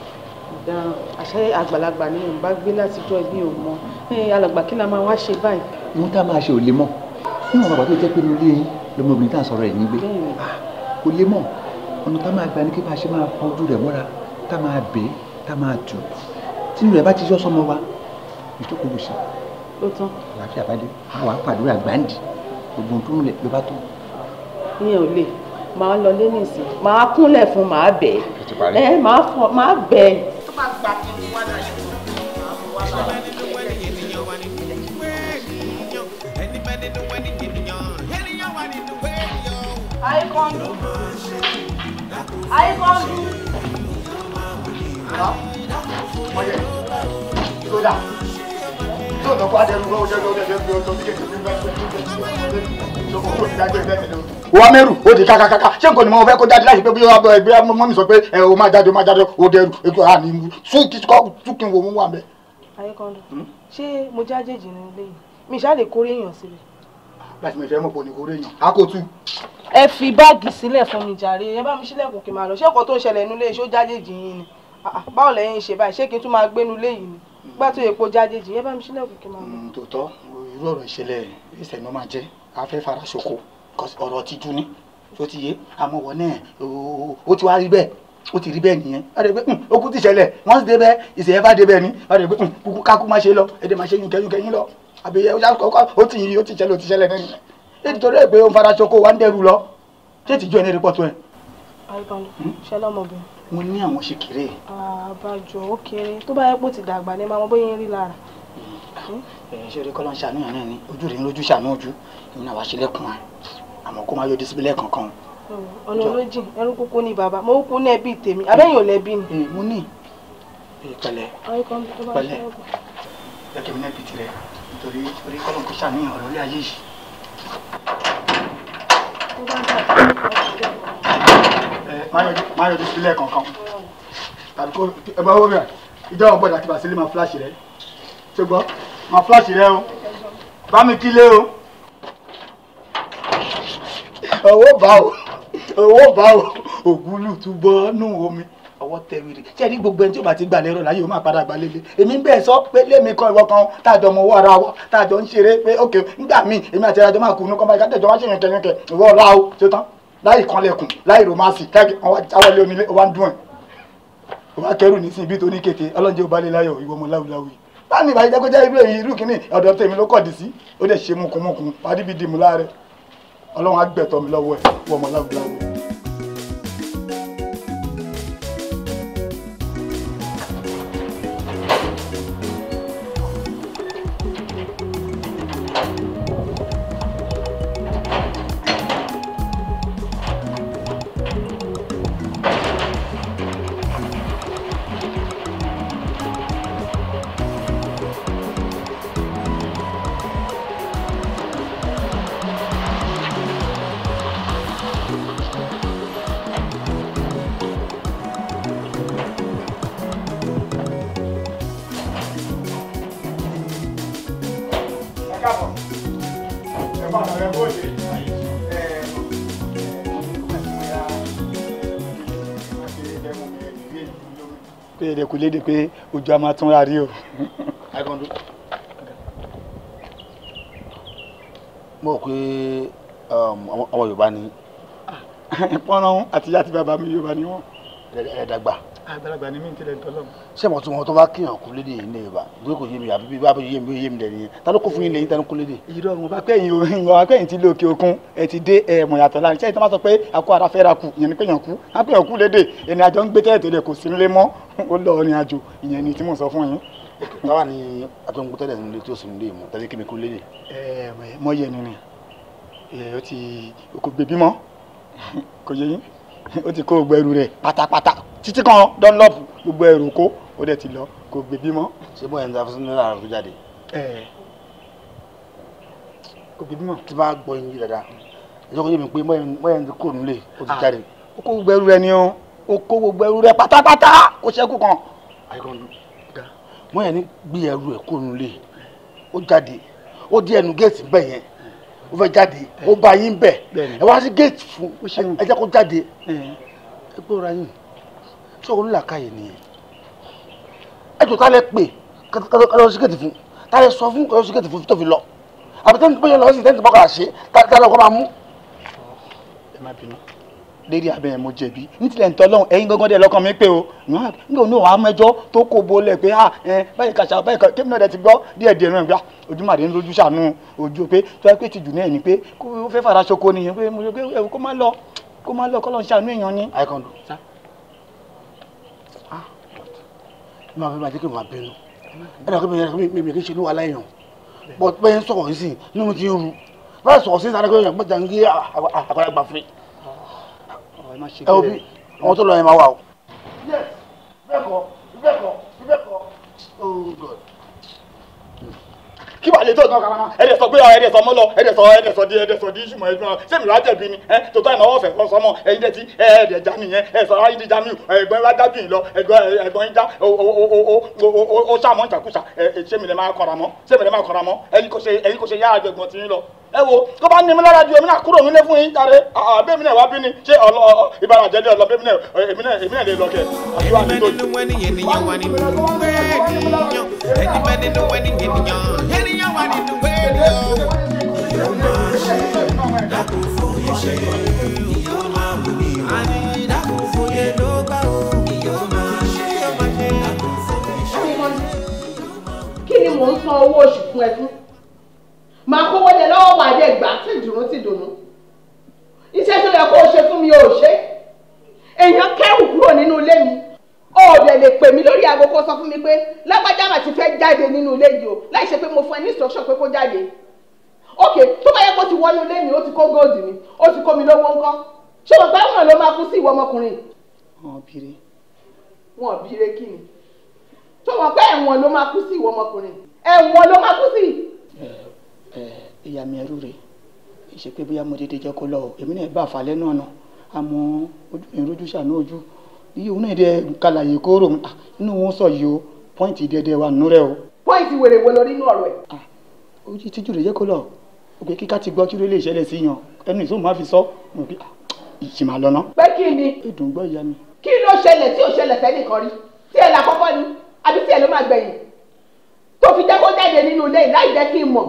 àṣẹ àgbàlagbà ni mo bá gbé látijọ́ ẹbí òun alàgbà kí la máa wá ṣe báyìí. ohun tá a máa ṣe ò lè mọ níwọ̀n bàbá tó jẹ́ pé nílé yín lọmọbìnrin tá à ń sọ̀rọ̀ ẹ̀ nígbẹ́ kò lè mọ̀ ọ̀nà tá a máa gba ni kí bá a ṣe máa fọ ojú rẹ̀ mọ́ra tá a máa bẹ́ tá a máa tù tínú rẹ̀ bá ti yọ́ sọmọ wa ìjókòó lò sí. ó tán. àlàáfíà bá dé àwọn àpàdúrà gbàǹdì gbogbo tó ń lẹ ló bá tó. ìyẹn ò lè máa lọ lé nìsín máa kúnlẹ̀ fún máa bẹ̀ ẹ máa bẹ̀. tó ayé kan dún ayé kan dún. mọ̀yẹ́ sódà tí o lọ́kọ́ adẹ́rù lọ́wọ́ jẹ́ lọ́wọ́ jẹ́ lọ́wọ́ jẹ́ wọ́n mẹ́rù ó di kákákáká ṣé nǹkan ni mo fẹ́ kó jáde láti pé bí wọ́n ẹgbẹ́ mọ́mí sọ pé ẹ o máa jáde o máa jáde o dẹrù ètò àní ìwú súnkì wo mú wà mẹ́. ayé kan dùn ṣé mo jájèjì nínú ilé yìí mi ṣáà lè kórè èèyàn sílẹ̀ láti mi fẹ́ mọ̀ pé oníkóró èèyàn á kò tú. ẹ fi báàgì sílẹ̀ fún mi jàre ẹ bá mi sílẹ̀kùn kí n máa lọ ṣé ọkọ̀ tó ń ṣẹlẹ̀ inú ilé iṣẹ́ ó jájèjì yín ni ah, ah, báwo lẹ́yìn ṣe báyìí ṣé kí n tún máa gbénu ilé yìí ni gbà tó epo jájèjì ẹ bá mi sílẹ̀kùn kí n máa lọ. Mm, tòótọ́ irú ọ̀rọ̀ ìṣẹ̀lẹ̀ ìṣẹ̀ ni ó máa jẹ́ afẹ́ fara ṣoko ọ̀rọ̀ ti dún ní o ti yé àmọ́ wọ náà ó ti wá rí bẹ́ẹ̀ ó ti rí bẹ́ẹ̀ nìyẹn wọ́n ti pé hmm, okú ti ṣẹlẹ̀ wọ́n ti dé bẹ́ẹ̀ ìṣẹ̀yẹ́ bá dé bẹ́ẹ̀ ni wọ́n ti pé hmm, kúkú kákú má ṣe lọ ẹ̀dẹ̀ má ṣe yín kẹ́yìn kẹ́yìn lọ àbí ó ti yí o ti ṣẹlẹ̀ ó ti ṣẹlẹ̀ nẹ́ni nítorí ẹ̀ pé ó ń fara ṣoko wa ń dẹrù lọ ṣé ìtìjú ẹ̀ ní rìpọ́tù ẹ̀. alùpàlù ṣẹlẹ̀ ọmọbìnrin. mo ní àwọn ṣe kéré. àbájọ ó kéré tó bá yẹ pé ó ti dàgbà ní máa mọ bóyá ń rí lára. Hmm. ṣé orí kọ́lọ́ ń ṣàánú yàn náà ni ojú rẹ̀ ń lójú ṣàánú ojú ìyẹn àwa ṣe lẹ́kùn ẹ̀ àmọ́ kó má yọ dísíbílẹ̀ kankan. Hmm, ọ̀nà olójì ẹrú kúkú ni bàbá mo kú ní ẹbí tèmi abẹ́yìn ò lẹ́bí ni. Hmm, mo ní ìpẹ̀lẹ́ pẹ̀lẹ́ mi náà bìtì rẹ̀ torí torí kọ́lọ̀ kó ṣàníyàn ọ̀rọ̀ ilé ayé yìí. má yọjú sílẹ̀ kankan tàbí kó ẹ bá wọ́n rẹ̀ ìjọ àwọn gbọ́dọ̀ àtibà sílé máa fíláṣì rẹ̀ ṣùgbọ́n máa fíláṣì rẹ̀ o bá mi kí lé o owó bá o owó bá o ògúlù túbọ̀ nù omi ọwọ́ tẹ wíìrì ṣé ní gbogbo ẹni tí ó bá ti gbà lérò láyé ó máa padà gbà lélẹ̀ èmi bẹ́ẹ̀ sọ pé lémi kan ìwọ kan tá a jọ mọ owó ara wọ tá a jọ ń ṣeré pé ok nígbà míì èmi àti ẹ̀rọ máa kú inú kan báyìí kájọ wá ṣèyàn kẹyìn kẹ ìwọ ọlá o ṣe tán láì kanlẹ̀kùn láì rọmásì káàkiri àwọn ilé onílé wa ń dùn ẹ̀ wọ́n á kẹrù nísìnyí bí tóní kété ọlọ́njẹ́ ò balẹ̀ láyọ̀ ìwọ ọmọ láwùláwù yìí báyìí ìbáyìí jẹ́ kó jẹ́ irú èyí irú kìíní ọ̀dọ̀ tèmi ló kọ̀dí sí ó dẹ̀ ṣe mokùnmokùn pàdé bíi dìmú láàrẹ̀ ọlọ́run á gbẹ̀tọ̀ mi lọ́wọ́ ẹ̀ ìwọ ọmọ láwùláwù. yẹ kó léde pé ojú a máa tún ra rí o. mo rò pé um, ọmọ yorùbá ni. Ah, <laughs> pọ́nrán àti ìyá àti bàbá mi yorùbá ni wọ́n. ẹ̀ẹ́dàgbà àgbàlagbà ni mí ti lẹ̀ tọ́lọ̀. ṣé mo tún wọn tó bá kíyàn kú lédè yìí ní yorùbá gbé kò yé mi àbí bá yé mi yé mi dẹ̀ nìyẹn ta ló kó fún yín lẹ́yìn tẹnu kú lédè. ìrọ̀ wọn bá pẹ́yìn òhìn wọn pẹ́yìn ti lé òkè òkun ẹ ti dé ẹ mọ̀ yàtọ̀ láàrin ṣé ìtàn bá sọ pé àkó ara fẹ́ ra kù ìyẹn ni pẹ́yàn kú á pẹ́yàn kú lédè ẹni àjọ ń gbé tẹ́lẹ̀ tẹ́lẹ̀ kò sí nílé mọ́ ó lọ ọrìn àjò ìyẹn ni tí mo sọ fún yín. táwa ni atọ́nkú tẹ́lẹ̀ nílé tí ó sì nílé mọ̀ tàbí kí mi kú lédè. ẹ mọ gbé bímọ títí kan dunlop gbogbo ẹrù kó ó dẹ̀ ti lọ kò gbé bímọ. ṣé bóyá ní afẹ́sẹ́ náírà rẹ̀ tó jáde. ẹ ẹ kò gbé bímọ. tí bá gbọ́ yín dada ìjọba yẹn mi pé bóyá ní kò nílé ó ti ah, jáde. ó kó gbogbo ẹrù rẹ ni o ó kó gbogbo ẹrù rẹ pátápátá ó ṣẹ́kù kan. bóyá ní gbé ẹrù ẹ kó nílé ó jáde ó di ẹnu géètì bẹ́ẹ̀ yẹn ó fẹ́ jáde eh. ó bá yín bẹ̀ ẹ wá sí géètì fún ẹ jẹ́ kó jáde eh. ẹ gbọ́ra yín tí ọ̀hún làkàyè nìyẹn ẹ tó tálẹ̀ pè kálọ̀ síkẹ̀tì fún tálẹ̀ sọ fún kálọ̀ síkẹ̀tì fún tó fi lọ àbí tẹ́ǹtì bóyá lọ́wọ́ sí tẹ́ǹtì bọ́kàlà ṣe tálẹ̀ ọkọ máa mú. ẹ má bínú lérí abẹ́ ẹ̀ mo jẹ̀bi nítìlẹ̀ ntọ́ lọ́hùn ẹ̀yin gangan dẹ̀ lọ́kàn mi pé o nígbà òun àwọn ẹjọ́ tó kó bolẹ̀ pé ah, báyìí kàṣà báyìí kàṣà kébìnrin ọ̀dẹ ti gbọ́ díẹ̀ díẹ̀ náà gbá ah, ojúmọ̀ ń lójú sànú ojú pé tó yẹ pé tìjú náà ni pé kó fẹ́ fara ṣoko nìyẹn pé mo ṣe máa fẹ́ máa jẹ́ kí n máa bínú ẹ̀rọ kí mi mi kì í ṣe ní wàhálà èèyàn bọ́ bẹ́ẹ̀ ń sọ̀rọ̀ yìí sí inú ti ń ru báyìí sọ̀rọ̀ sí sáré kéèyàn gbọ́dọ̀ ń gé àgbàlagbà fún ẹ òbí àwọn tó lọ yẹn máa wà o. yes bẹ́ẹ̀ kọ́ bẹ́ẹ̀ kọ́ bẹ́ẹ̀ kọ́ oh god kí wàá lè tó ìtàn kàmá ẹ̀dẹ̀ sọ pé ẹ̀dẹ̀ sọ mọ́ lọ ẹ̀dẹ̀ sọ ẹ̀dẹ̀ sọ di ẹ̀dẹ̀ sọ di ìṣùmọ̀ ẹ̀dùn náà sẹ́mi rà jẹ̀bi ni ẹ̀ tòótọ́ ìmọ̀ ọ̀fẹ́ kan sọmọ ẹ̀yin dẹ̀ ti ẹ̀ẹ̀dẹ̀ já mi yẹn ẹ̀ sọ ayé ti já mi ẹ̀gbọ́n wa dájú yìí lọ ẹ̀gbọ́n yín já ó sàmọ́ ìtàkùsà sẹ́mi lè máa kọ̀ra mọ́ sẹ́mi lè máa kọ̀ra mọ́ ẹ̀yin kò ṣe yára jẹ̀gbọ́n ti yín lọ ẹ wo tó bá ní mi lára di omi náà kúrò nílé fún yín jáde àbẹ́mi ah, ah, náà wá bí ni ṣé ọlọ ìbára jẹ́jẹ́ ọlọ bẹ́mi náà èmi náà lè lọ kẹ́ àdúrà ní tó yìí. ẹni bẹ́ẹ̀ nínú wẹ́ni ènìyàn wà nínú wẹ́ni ènìyàn ènìyàn wà nínú wẹ́ni o. yóò máa ṣe dákò fòye ṣe yóò máa wù mí wá dákò fòye ló bá o yóò máa ṣe yóò máa ṣe dákò fòye ṣe. kí ni mò ń san owó máa kówó lẹ lọ́wọ́ wà dé gbà tí ìdùnnú ti dùnnú iṣẹ́ tó yẹ kó o ṣe fún mi ò ṣe èèyàn kẹ́rù kúrò nínú ilé mi ó dẹ̀ lè pè mí lórí aago kó sọ fún mi pé lágbájá mà ti fẹ́ jáde nínú ilé yìí o láì ṣe pé mo fún ẹ ní instruction pé kó jáde ok tó bá yẹ kó ti wọnú ilé mi ó ti kó góòdù mi ó ti kó mi lówó ńkọ́ ṣé o gbàgbọ́ ló máa kú sí ìwọ ọmọkùnrin. wọn bire. wọn bire kí ni tó wọn pé ẹ̀wọ̀n ló máa kú sí ìwọ ọmọkùnrin ẹ̀wọ̀n ló máa kú sí. Eh, ìyá mi ẹrú rẹ̀ ìṣe pé bóyá mo dédé jẹ́ kó lọ èmi náà bá àfàlẹ́ náà nà àmọ́ ojú mi rojú ṣàánú ojú iye òun náà dẹ kàlàyé kóró inú wọn sọ yìí o pọ́ìntì dẹ́dẹ́ wà nù rẹ o. pọ́ìntì wèrè wo lọ nínú ọ̀rọ̀ ẹ̀. ojú tíjú rẹ̀ jẹ́ kó lọ òkè kíkà ti gbọ́ kí ló lè ṣẹlẹ̀ sí yan ẹnu ìṣó máa fi sọ ìṣìmà lọ́nà. pé kí ni. èdùn gbọ́ ìyá mi. kí ló ṣẹlẹ̀ tí ò ṣẹlẹ̀ sẹ́nìkan rí tí ẹ̀ lákọ́kọ́ ni àbí tí ẹ̀ ló máa gbẹ̀yìn tó fi jẹ́ kó jáde nínú ilé láì jẹ́ kí n mọ̀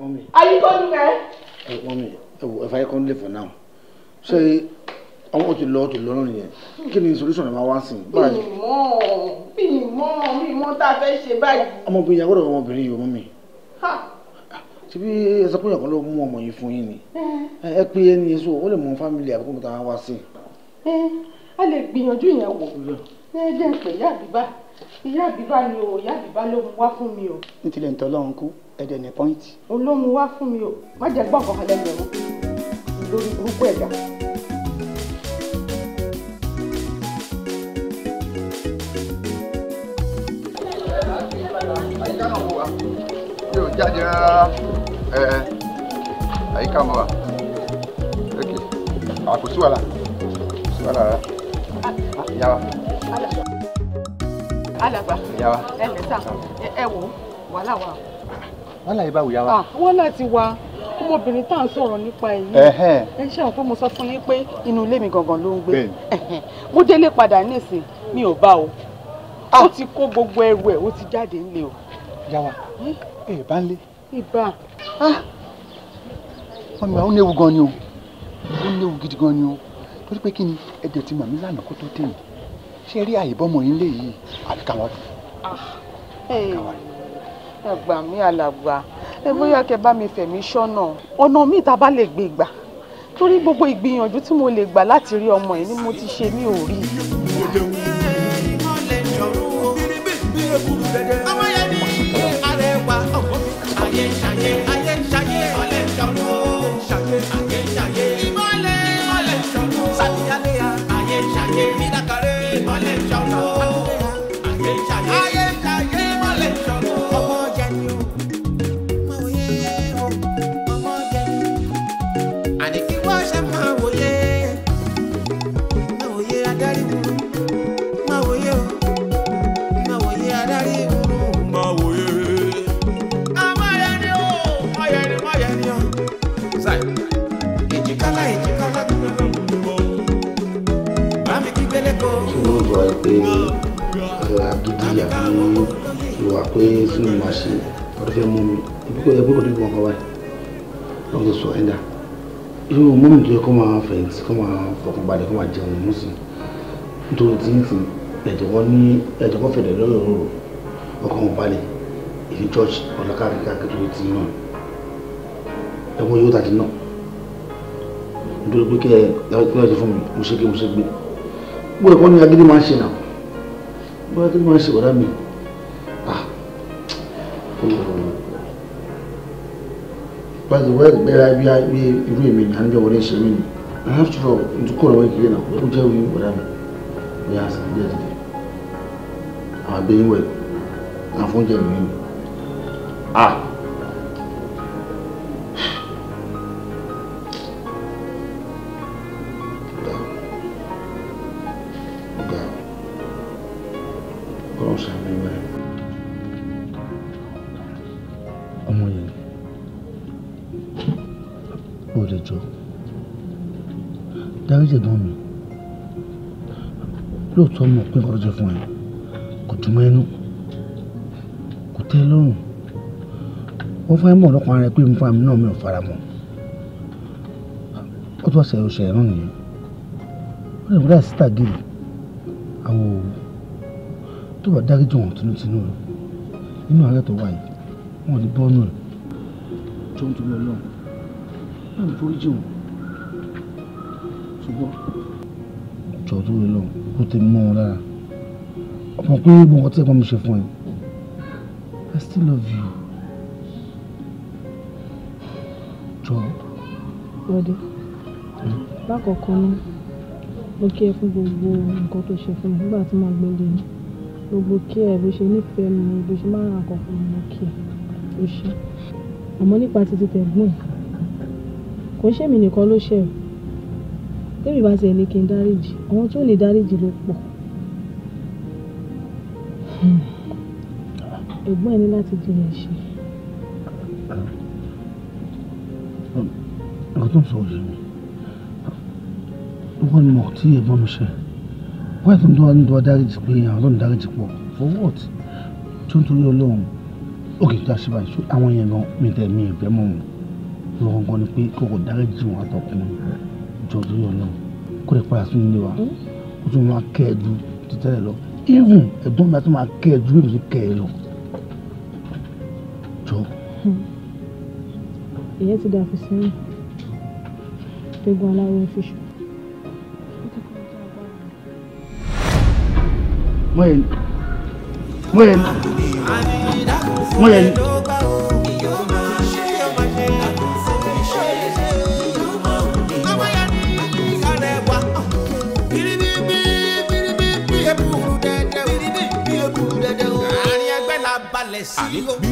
mọ́mí. ayíkọ́dúnkẹ́. ẹ mọ́mí mommy. wò ẹ fà ayíkọ́ nílé for now say ṣé àwọn ti lọ ti lọ́rùn nìyẹn kí ni solution ẹ̀ máa wá sí more, mi more, mi mọ̀ mi mọ̀ tá a fẹ́ ṣe báyìí. ọmọbìnrin yàgò lọ́wọ́ ọmọbìnrin yìí mọ́mí. síbi ẹsẹ pé ìyàgò ló mú ọmọ yìí fún yín ni eh. ẹ pé ẹni yẹn so ó lè mọ fámìlì àbúkù mi wá sí i. Eh, a lè gbìyànjú ìyẹn wò ẹ jẹ́ pé ìyá àbíbá ìyá àbíbá ni o ìyá àbíbá ló mú wá fún mi o. nítorí ẹ̀ ń tọ́ lọ́run kú ẹ̀dẹ̀ ní pọ́ìntì. olómi wá fún mi o má jẹ́ gbọ́ nǹkan lẹ́nu ẹ̀rọ lórí burúkú ẹ̀dá. yóò jáde rárá ẹ ẹ àyíká mọ wa ok àkóso wàhálà àkóso wàhálà rárá ìyá wa. alàgbà ẹ lẹ́sà ẹ wò wàhálà wà wọ́n láyé báwo yá wa. wọ́n láti wá ọmọbìnrin tá à ń sọ̀rọ̀ nípa èyí ẹ ṣe àwọn pé mo sọ fún yín pé inú ilé mi gangan ló ń gbé mo délé padà nísìn mi ò bá o ah. ó ti kó gbogbo ẹrù ẹ̀ ó ti jáde nílé o. yá wa hm? ẹ bá ń lé. ibà. Ah. wọ́n mi ó léwu gan ni o ó léwu gidi gan ni o torí pé kí ni ẹ̀dẹ̀ ti mọ̀ mí lánàá kó tó dé yìí ṣé rí àyè bọ́mọ yín lé yìí àbí káwá rí. Ah. káwá ẹgbà mí alàgbà ẹ bóyá kẹ bá mi fẹ̀mí ṣọ́nà ọ̀nà míì tá a bá lè gbé gbà torí gbogbo ìgbìyànjú tí mo lè gbà láti rí ọmọ yìí ni mo ti ṣe mí ò rí i. irú mọ́mí tó yẹ kó máa fẹ̀yìntì kó máa fọkànbalẹ̀ kó máa jẹun mú sí nítorí tí ń sìn ẹ̀jọ̀kọ́ ní ẹ̀jọ̀kọ́ fẹ̀dẹ̀ lọ́rọ̀ rò ọkàn wọn balẹ̀ ìlú church ọ̀làkàkíkà kékeré tí náà ẹ̀wọ̀n yóò tàdí náà nítorí pé kẹ́ ẹ kí wọ́n ṣe fún mi mo ṣe gbé mo ṣe gbé bóyá kọ́ ní agídí máa ń ṣe náà bóyá agídí máa ń ṣe ọ̀dà mi. by the way bẹ́ẹ̀ bí bí irú èmi ni à ń bẹ wọlé ṣe mí ni i have to talk n kò lọ́wọ́ ìkílẹ̀ náà ó jẹ́ wí wọ̀dà mi bí a sì bí a dìde àwọn abẹ́yìn wẹ̀ náà fún jẹ́ mi ni ah. lóòótọ́ mọ̀ pé nǹkan tó ṣe fún ẹ kò dùn mọ́ ẹnu kò tẹ́ ẹ lọ́rùn wọ́n fẹ́ mọ̀ ọ̀dọ́kùn ara rẹ pé nǹkan mi náà mi ò fara mọ́ ó tún ọ̀sẹ̀ oṣù ẹ̀rọ nìyẹn ó lè wúlẹ̀ síta gèrè àwọn tó bá dáríjì wọn tinútinú rẹ nínú àárẹ̀ tó wáyé wọn ò ní bọ́ọ̀nù rẹ tó ń torí ọlọ́run náà ní foríjì wọn ṣùgbọ́n jọ̀ọ́ tó rẹ lọ́run ó ti mọ́ wọn lára ọmọ pé gbogbo tí ẹ̀gbọ́n mi ṣe I still love you Job. ọdẹ hmm? lákọ̀ọ́kọ́ ni mo kí ẹ fún gbogbo nǹkan and ṣe fún mi nígbà tí mo gbé lé ní gbogbo kí ẹ bó ṣe nífẹ̀ẹ́ mi bó ṣe máa ń ra kọ̀ọ̀kan mi mo kí ẹ ó ṣe àmọ́ nípa títí tẹ̀gbọ́n kò ń ṣèmi nìkan tẹ́mi bá tiẹ̀ ní kí n dáríjì àwọn tó lè dáríjì ló pọ̀ hmm. ẹ̀gbọ́n ẹ ní láti jìyà ẹ̀ṣẹ̀. nǹkan tó ń sọ yìí ni wọ́n ní mo tí ẹ̀gbọ́n mi ṣe wọ́n ẹ̀sùn tó wà ní ìdúrà dáríjì pé àwọn ọlọ́run dáríjì pọ̀ for what tó ń torí ọlọ́run òkè tó aṣípa ìṣó àwọn yẹn gan mi tẹ̀ mí ìfẹ́ mọ̀ wọn lọ́wọ́ gan ni pé kókò dáríjì wọn àtọkùnrin jọ lórí ọ̀nà kó lè padà sínú ilé wa hmm? ó tún máa kẹ́ ẹ ju lọ even ẹ̀gbọ́n mi àti máa kẹ́ ẹ ju bí mi ti kẹ́ ẹ lọ jọ. Hmm. ìyẹn ti dà fi sẹ́yìn gbégun aláwọ̀ fíṣù. wọ́n yẹn wọ́n yẹn wọ́n yẹn. Amigo.